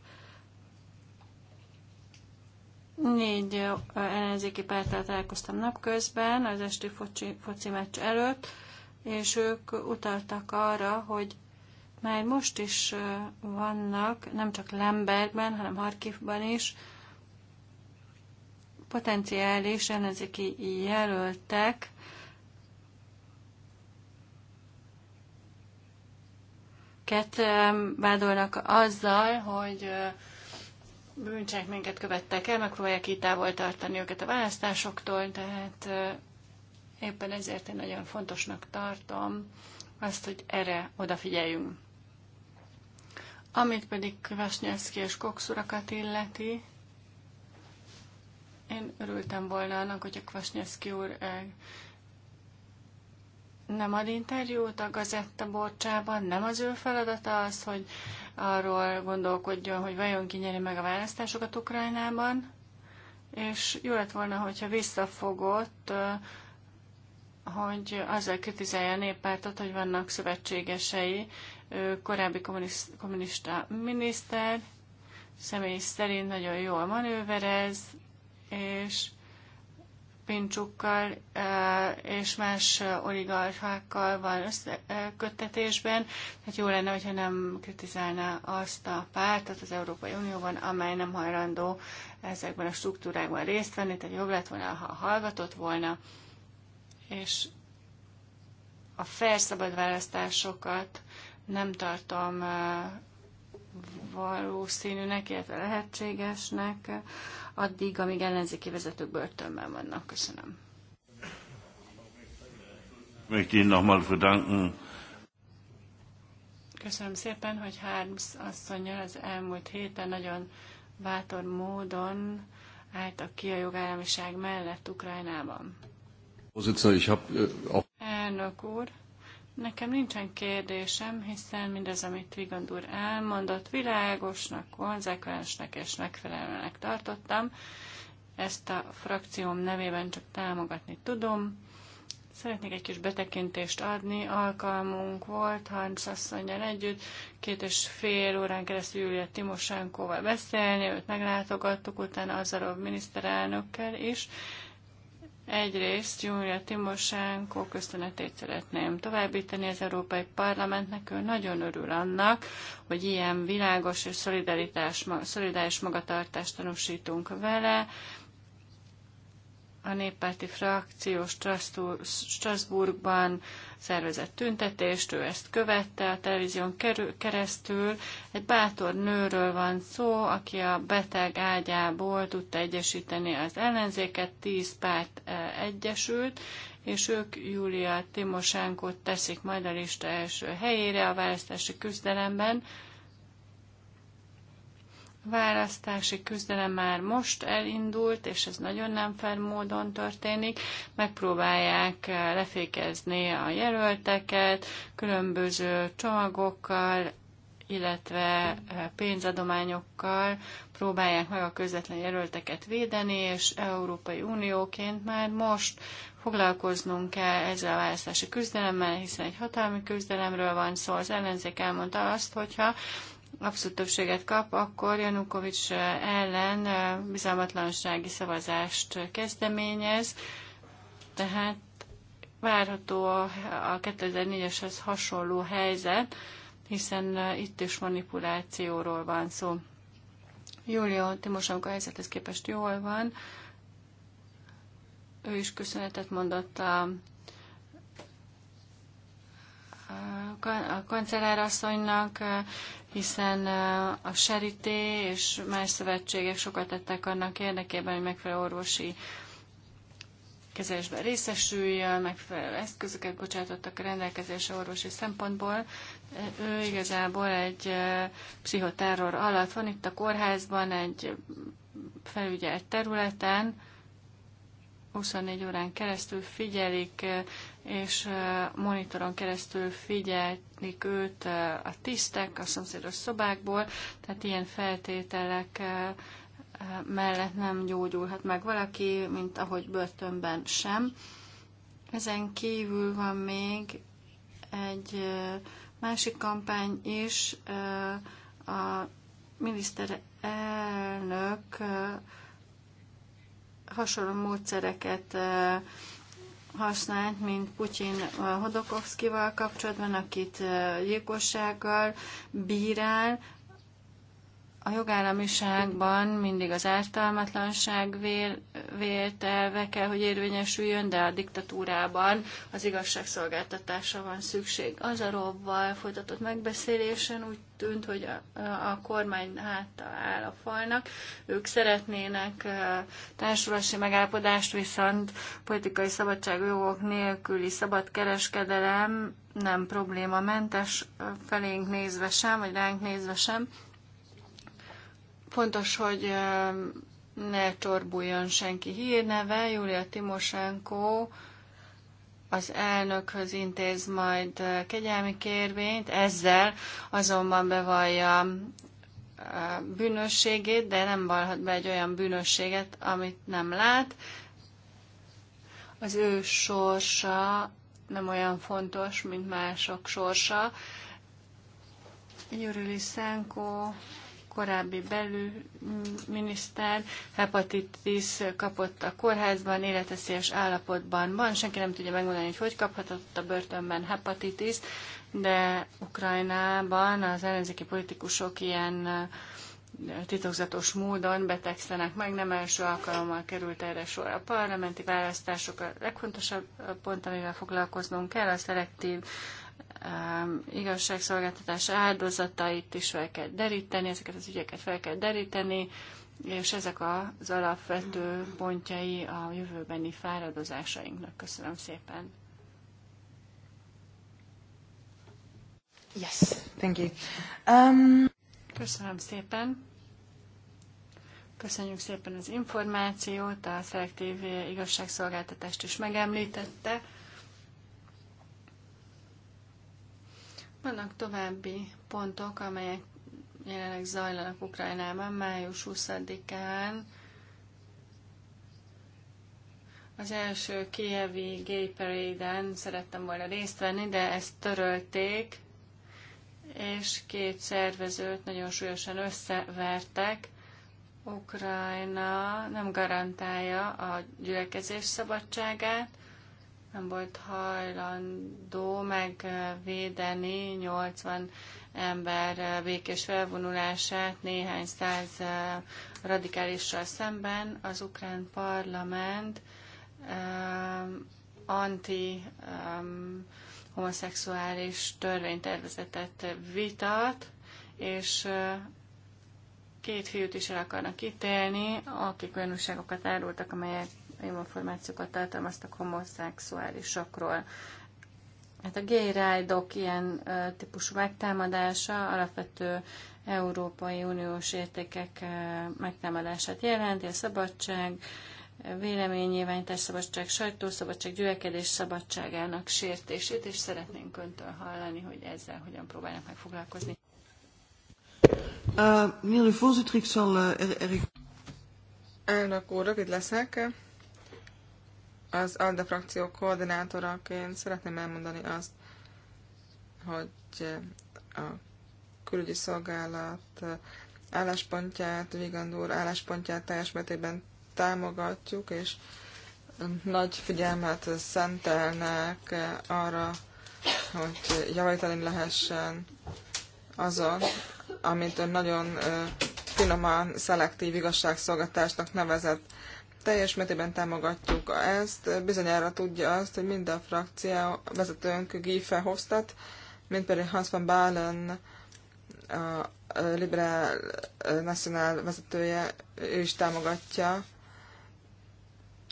Négy ellenzéki pártát találkoztam napközben, az esti foci, foci meccs előtt, és ők utaltak arra, hogy már most is vannak, nem csak Lembergben, hanem Harkivban is, potenciális ellenzéki jelöltek, ket vádolnak azzal, hogy bűncselekményeket követtek el, megpróbálják így távol tartani őket a választásoktól, tehát éppen ezért én nagyon fontosnak tartom azt, hogy erre odafigyeljünk. Amit pedig Kvasnyevszki és Cox urakat illeti, én örültem volna annak, hogy a Kvasnyevszki úr eh, nem ad interjút a gazetta borcsában, nem az ő feladata az, hogy arról gondolkodjon, hogy vajon kinyeri meg a választásokat Ukrajnában, és jó lett volna, hogyha visszafogott, eh, hogy azzal kritizálja a néppártot, hogy vannak szövetségesei, korábbi kommunista miniszter, személy szerint nagyon jól manőverez, és pincsukkal és más oligarchákkal van összeköttetésben, tehát jó lenne, hogyha nem kritizálná azt a pártot az Európai Unióban, amely nem hajlandó ezekben a struktúrákban részt venni, tehát jobb lett volna, ha hallgatott volna, és a felszabad választásokat nem tartom valószínűnek, illetve lehetségesnek, addig, amíg ellenzéki vezetők börtönben vannak. Köszönöm. Köszönöm szépen, hogy Harms asszonyjal az elmúlt héten nagyon bátor módon álltak ki a jogállamiság mellett Ukrajnában. Eh, Elnök úr, Nekem nincsen kérdésem, hiszen mindez, amit Vigand úr elmondott, világosnak, konzekvensnek és megfelelőnek tartottam. Ezt a frakcióm nevében csak támogatni tudom. Szeretnék egy kis betekintést adni. Alkalmunk volt Hans asszonyjal együtt, két és fél órán keresztül Júlia Timosánkóval beszélni, őt meglátogattuk, utána Azarov miniszterelnökkel is. Egyrészt Júlia Timosánkó köszönetét szeretném továbbítani az Európai Parlamentnek. Ő nagyon örül annak, hogy ilyen világos és szolidaritás, szolidáris magatartást tanúsítunk vele a néppárti frakció Strasbourgban szervezett tüntetést, ő ezt követte a televízión keresztül. Egy bátor nőről van szó, aki a beteg ágyából tudta egyesíteni az ellenzéket, tíz párt e, egyesült, és ők Júlia Timosánkot teszik majd a lista első helyére a választási küzdelemben választási küzdelem már most elindult, és ez nagyon nem fair módon történik. Megpróbálják eh, lefékezni a jelölteket különböző csomagokkal, illetve eh, pénzadományokkal próbálják meg a közvetlen jelölteket védeni, és Európai Unióként már most foglalkoznunk kell ezzel a választási küzdelemmel, hiszen egy hatalmi küzdelemről van szó. Az ellenzék elmondta azt, hogyha abszolút többséget kap, akkor Janukovics eh, ellen eh, bizalmatlansági szavazást kezdeményez, tehát várható a 2004-eshez hasonló helyzet, hiszen eh, itt is manipulációról van szó. Júlia Timosenko helyzethez képest jól van, ő is köszönetet mondott a a kancellárasszonynak hiszen a Serité és más szövetségek sokat tettek annak érdekében, hogy megfelelő orvosi kezelésben részesüljön, megfelelő eszközöket bocsátottak a rendelkezésre orvosi szempontból. Ő igazából egy pszichoterror alatt van itt a kórházban, egy felügyelt területen, 24 órán keresztül figyelik és monitoron keresztül figyelik őt a tisztek a szomszédos szobákból, tehát ilyen feltételek mellett nem gyógyulhat meg valaki, mint ahogy börtönben sem. Ezen kívül van még egy másik kampány is, a miniszterelnök hasonló módszereket használt, mint Putyin Hodokovszkival kapcsolatban, akit gyilkossággal bírál, a jogállamiságban mindig az ártalmatlanság vél, vélt elve kell, hogy érvényesüljön, de a diktatúrában az igazságszolgáltatása van szükség. Az a robbal folytatott megbeszélésen úgy tűnt, hogy a, a kormány háttal áll a falnak. Ők szeretnének társulási megállapodást, viszont politikai szabadságjogok nélküli szabad kereskedelem nem mentes felénk nézve sem, vagy ránk nézve sem. Fontos, hogy ne torbuljon senki hírneve. Júlia Timosenko az elnökhöz intéz majd kegyelmi kérvényt, ezzel azonban bevallja bűnösségét, de nem vallhat be egy olyan bűnösséget, amit nem lát. Az ő sorsa nem olyan fontos, mint mások sorsa. Jurili Szenko korábbi belügyminiszter mm, hepatitis kapott a kórházban, életeszélyes állapotban van. Senki nem tudja megmondani, hogy hogy kaphatott a börtönben hepatitis, de Ukrajnában az ellenzéki politikusok ilyen eh, titokzatos módon betegszenek meg, nem első alkalommal került erre sor a parlamenti választások. A legfontosabb pont, amivel foglalkoznunk kell, a szelektív Um, igazságszolgáltatás áldozatait is fel kell deríteni, ezeket az ügyeket fel kell deríteni, és ezek az alapvető pontjai a jövőbeni fáradozásainknak. Köszönöm szépen. Yes, thank you. Um... Köszönöm szépen. Köszönjük szépen az információt, a szelektív igazságszolgáltatást is megemlítette. Vannak további pontok, amelyek jelenleg zajlanak Ukrajnában május 20-án. Az első kievi gay parade szerettem volna részt venni, de ezt törölték, és két szervezőt nagyon súlyosan összevertek. Ukrajna nem garantálja a gyülekezés szabadságát, nem volt hajlandó megvédeni 80 ember békés felvonulását néhány száz eh, radikálissal szemben. Az ukrán parlament eh, anti-homoszexuális eh, törvénytervezetet vitat, és két fiút is el akarnak ítélni, akik olyan újságokat árultak, amelyek információkat tartalmaztak homoszexuálisokról. Hát a gay ride -ok ilyen ö, típusú megtámadása alapvető Európai Uniós értékek ö, megtámadását jelenti, a szabadság, véleménynyilvánítás szabadság, sajtószabadság, gyülekedés szabadságának sértését, és szeretnénk öntől hallani, hogy ezzel hogyan próbálnak megfoglalkozni. Uh, uh er- er- Elnök úr, rövid leszek. Az ALDE frakció koordinátoraként szeretném elmondani azt, hogy a külügyi szolgálat álláspontját, Vigandúr álláspontját teljes mértékben támogatjuk, és nagy figyelmet szentelnek arra, hogy javítani lehessen azon, amit ön nagyon finoman szelektív igazságszolgatásnak nevezett teljes mértékben támogatjuk ezt. Bizonyára tudja azt, hogy mind a frakció vezetőnk Guy Verhofstadt, mint pedig Hans van Balen, a Liberal National vezetője, ő is támogatja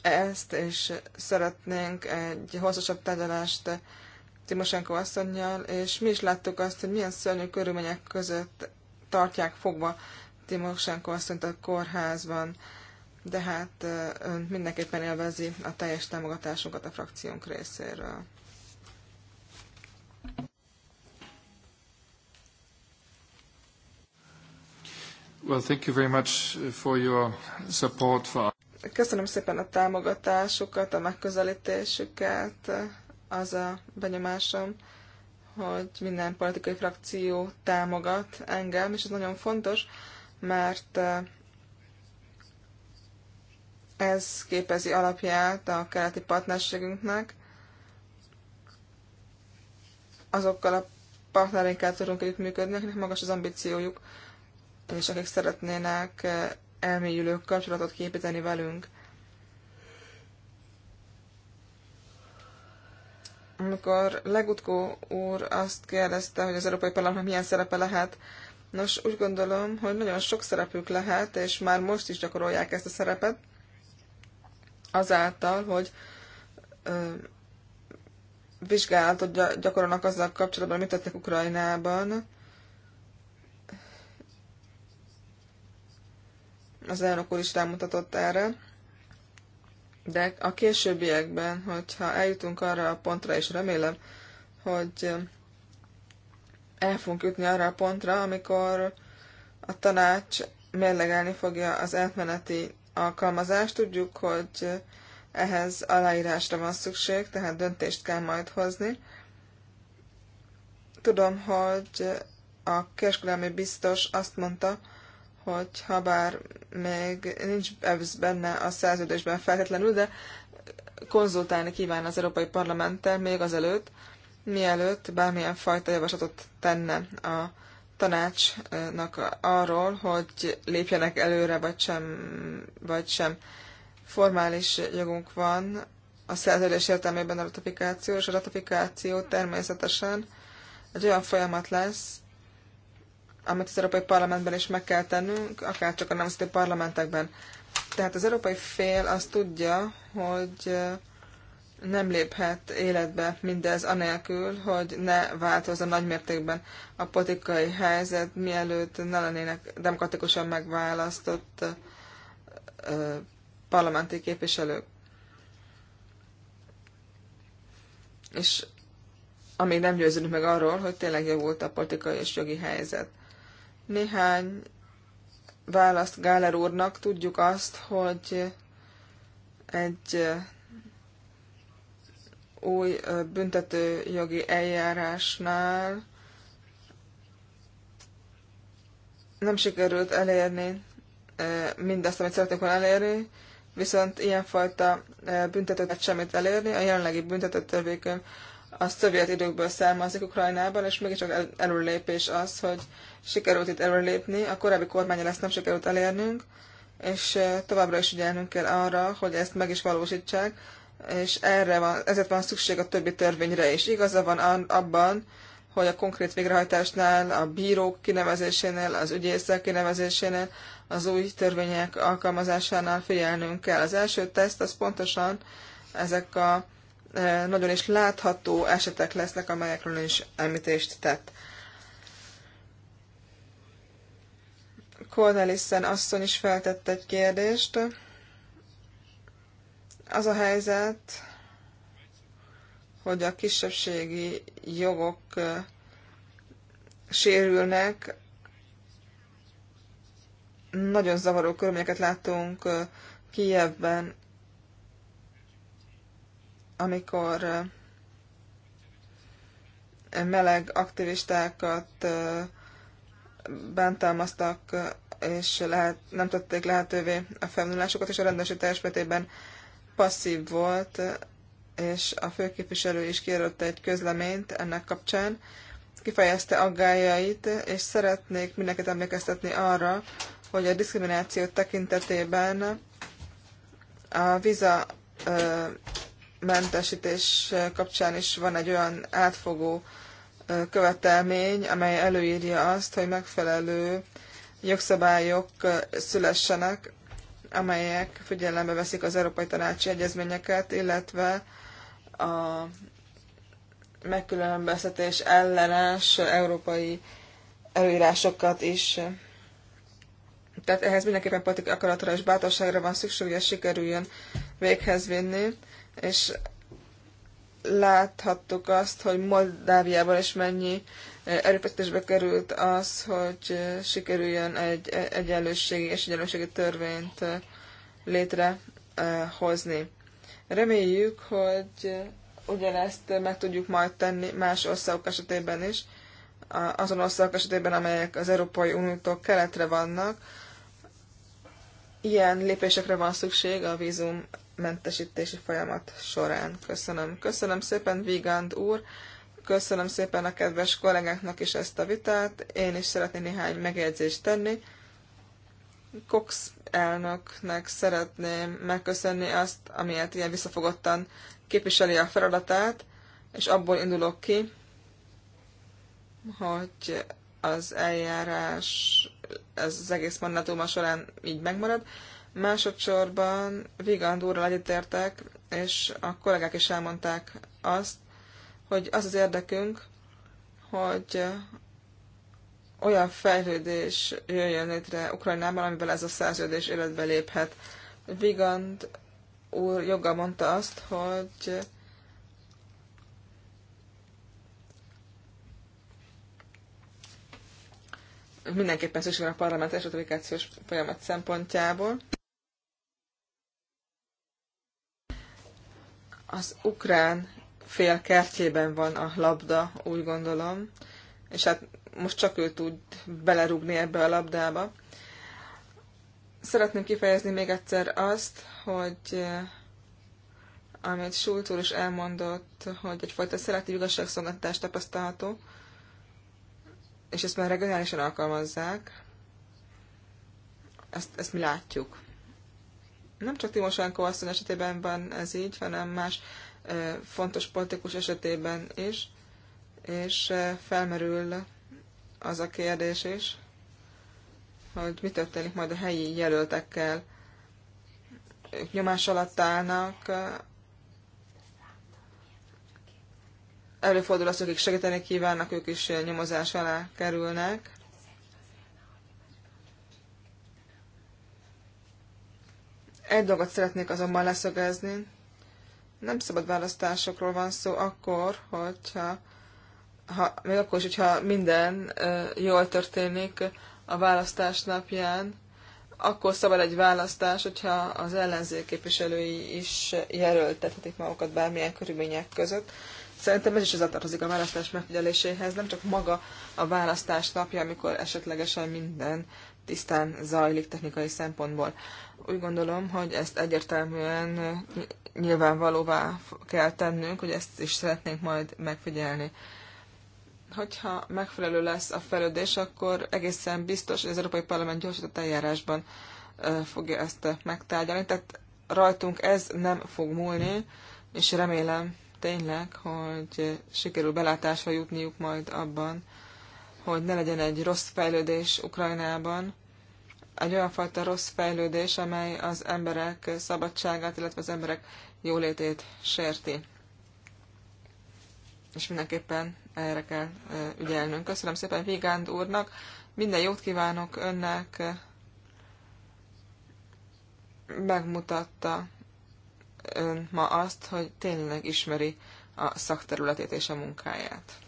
ezt, és szeretnénk egy hosszasabb tárgyalást Timosenko asszonynal, és mi is láttuk azt, hogy milyen szörnyű körülmények között tartják fogva Timosenko asszonyt a kórházban de hát ön mindenképpen élvezi a teljes támogatásunkat a frakciónk részéről. Well, thank you very much for your support for... Köszönöm szépen a támogatásukat, a megközelítésüket. Az a benyomásom, hogy minden politikai frakció támogat engem, és ez nagyon fontos, mert ez képezi alapját a keleti partnerségünknek. Azokkal a partnereinkkel tudunk működni, akiknek magas az ambíciójuk, és akik szeretnének eh, elmélyülő kapcsolatot képíteni velünk. Amikor Legutko úr azt kérdezte, hogy az Európai Parlamentnek milyen szerepe lehet, nos, úgy gondolom, hogy nagyon sok szerepük lehet, és már most is gyakorolják ezt a szerepet azáltal, hogy vizsgálatot gyakorolnak azzal kapcsolatban, mit tettek Ukrajnában. Az elnök úr is rámutatott erre. De a későbbiekben, hogyha eljutunk arra a pontra, és remélem, hogy el fogunk jutni arra a pontra, amikor a tanács mérlegelni fogja az átmeneti alkalmazás. Tudjuk, hogy ehhez aláírásra van szükség, tehát döntést kell majd hozni. Tudom, hogy a kereskedelmi biztos azt mondta, hogy ha bár még nincs ez benne a szerződésben feltétlenül, de konzultálni kíván az Európai Parlamenttel még azelőtt, mielőtt bármilyen fajta javaslatot tenne a tanácsnak arról, hogy lépjenek előre, vagy sem, vagy sem. Formális jogunk van a szerződés értelmében a ratifikáció, és a ratifikáció természetesen egy olyan folyamat lesz, amit az Európai Parlamentben is meg kell tennünk, akár csak a nemzeti parlamentekben. Tehát az európai fél azt tudja, hogy nem léphet életbe mindez anélkül, hogy ne változza nagymértékben a politikai helyzet, mielőtt ne lennének demokratikusan megválasztott parlamenti képviselők. És amíg nem győződünk meg arról, hogy tényleg javult a politikai és jogi helyzet. Néhány választ Gáler úrnak tudjuk azt, hogy egy új büntetőjogi eljárásnál nem sikerült elérni mindazt, amit szeretnénk volna elérni, viszont ilyenfajta büntetőt semmit elérni. A jelenlegi büntetőtörvékön a szovjet időkből származik Ukrajnában, és mégiscsak előlépés az, hogy sikerült itt előlépni. A korábbi kormány ezt nem sikerült elérnünk, és továbbra is ügyelnünk kell arra, hogy ezt meg is valósítsák, és erre van, ezért van szükség a többi törvényre is. Igaza van abban, hogy a konkrét végrehajtásnál, a bírók kinevezésénél, az ügyészek kinevezésénél, az új törvények alkalmazásánál figyelnünk kell. Az első teszt az pontosan ezek a e, nagyon is látható esetek lesznek, amelyekről is említést tett. Cornelissen asszony is feltett egy kérdést. Az a helyzet, hogy a kisebbségi jogok sérülnek, nagyon zavaró körülményeket láttunk Kijevben, amikor meleg aktivistákat bántalmaztak, és lehet, nem tették lehetővé a felvonulásokat, és a rendőrség teljes passzív volt, és a főképviselő is kiadott egy közleményt ennek kapcsán, kifejezte aggájait, és szeretnék mindenkit emlékeztetni arra, hogy a diszkrimináció tekintetében a viza mentesítés kapcsán is van egy olyan átfogó követelmény, amely előírja azt, hogy megfelelő jogszabályok szülessenek amelyek figyelembe veszik az Európai Tanácsi Egyezményeket, illetve a megkülönböztetés ellenes európai előírásokat is. Tehát ehhez mindenképpen politikai akaratra és bátorságra van szükség, hogy ezt sikerüljön véghez vinni, és láthattuk azt, hogy Moldáviában is mennyi erőfeszítésbe került az, hogy sikerüljön egy egyenlősségi és egyenlőségi törvényt eh, létrehozni. Reméljük, hogy ugyanezt meg tudjuk majd tenni más országok esetében is, azon országok esetében, amelyek az Európai Uniótól keletre vannak. Ilyen lépésekre van szükség a vízum mentesítési folyamat során. Köszönöm. Köszönöm szépen, Vigand úr. Köszönöm szépen a kedves kollégáknak is ezt a vitát. Én is szeretnék néhány megjegyzést tenni. Cox elnöknek szeretném megköszönni azt, amiért ilyen visszafogottan képviseli a feladatát, és abból indulok ki, hogy az eljárás, ez az egész mandátuma során így megmarad. Másodszorban Vigand egyetértek, és a kollégák is elmondták azt, hogy az az érdekünk, hogy olyan fejlődés jöjjön létre Ukrajnában, amivel ez a szerződés életbe léphet. Vigand úr joga mondta azt, hogy mindenképpen szükség van a parlamentes ratifikációs folyamat szempontjából. Az ukrán fél kertjében van a labda, úgy gondolom, és hát most csak ő tud belerúgni ebbe a labdába. Szeretném kifejezni még egyszer azt, hogy eh, amit Schulz úr is elmondott, hogy egyfajta szelektív igazságszolgáltatás tapasztalható, és ezt már regionálisan alkalmazzák, ezt, ezt mi látjuk. Nem csak Timosenko asszony esetében van ez így, hanem más fontos politikus esetében is, és felmerül az a kérdés is, hogy mi történik majd a helyi jelöltekkel. Ők nyomás alatt állnak, előfordul az, akik segíteni kívánnak, ők is nyomozás alá kerülnek. Egy dolgot szeretnék azonban leszögezni nem szabad választásokról van szó akkor, hogyha ha, még akkor is, hogyha minden ö, jól történik a választás napján, akkor szabad egy választás, hogyha az ellenzék képviselői is jelöltethetik magukat bármilyen körülmények között. Szerintem ez is az tartozik a választás megfigyeléséhez, nem csak maga a választás napja, amikor esetlegesen minden tisztán zajlik technikai szempontból. Úgy gondolom, hogy ezt egyértelműen nyilvánvalóvá kell tennünk, hogy ezt is szeretnénk majd megfigyelni. Hogyha megfelelő lesz a felődés, akkor egészen biztos, hogy az Európai Parlament gyorsított eljárásban fogja ezt megtárgyalni. Tehát rajtunk ez nem fog múlni, és remélem tényleg, hogy sikerül belátásra jutniuk majd abban, hogy ne legyen egy rossz fejlődés Ukrajnában, egy olyan fajta rossz fejlődés, amely az emberek szabadságát, illetve az emberek jólétét sérti. És mindenképpen erre kell ügyelnünk. Köszönöm szépen Vigánd úrnak, minden jót kívánok önnek, megmutatta ön ma azt, hogy tényleg ismeri a szakterületét és a munkáját.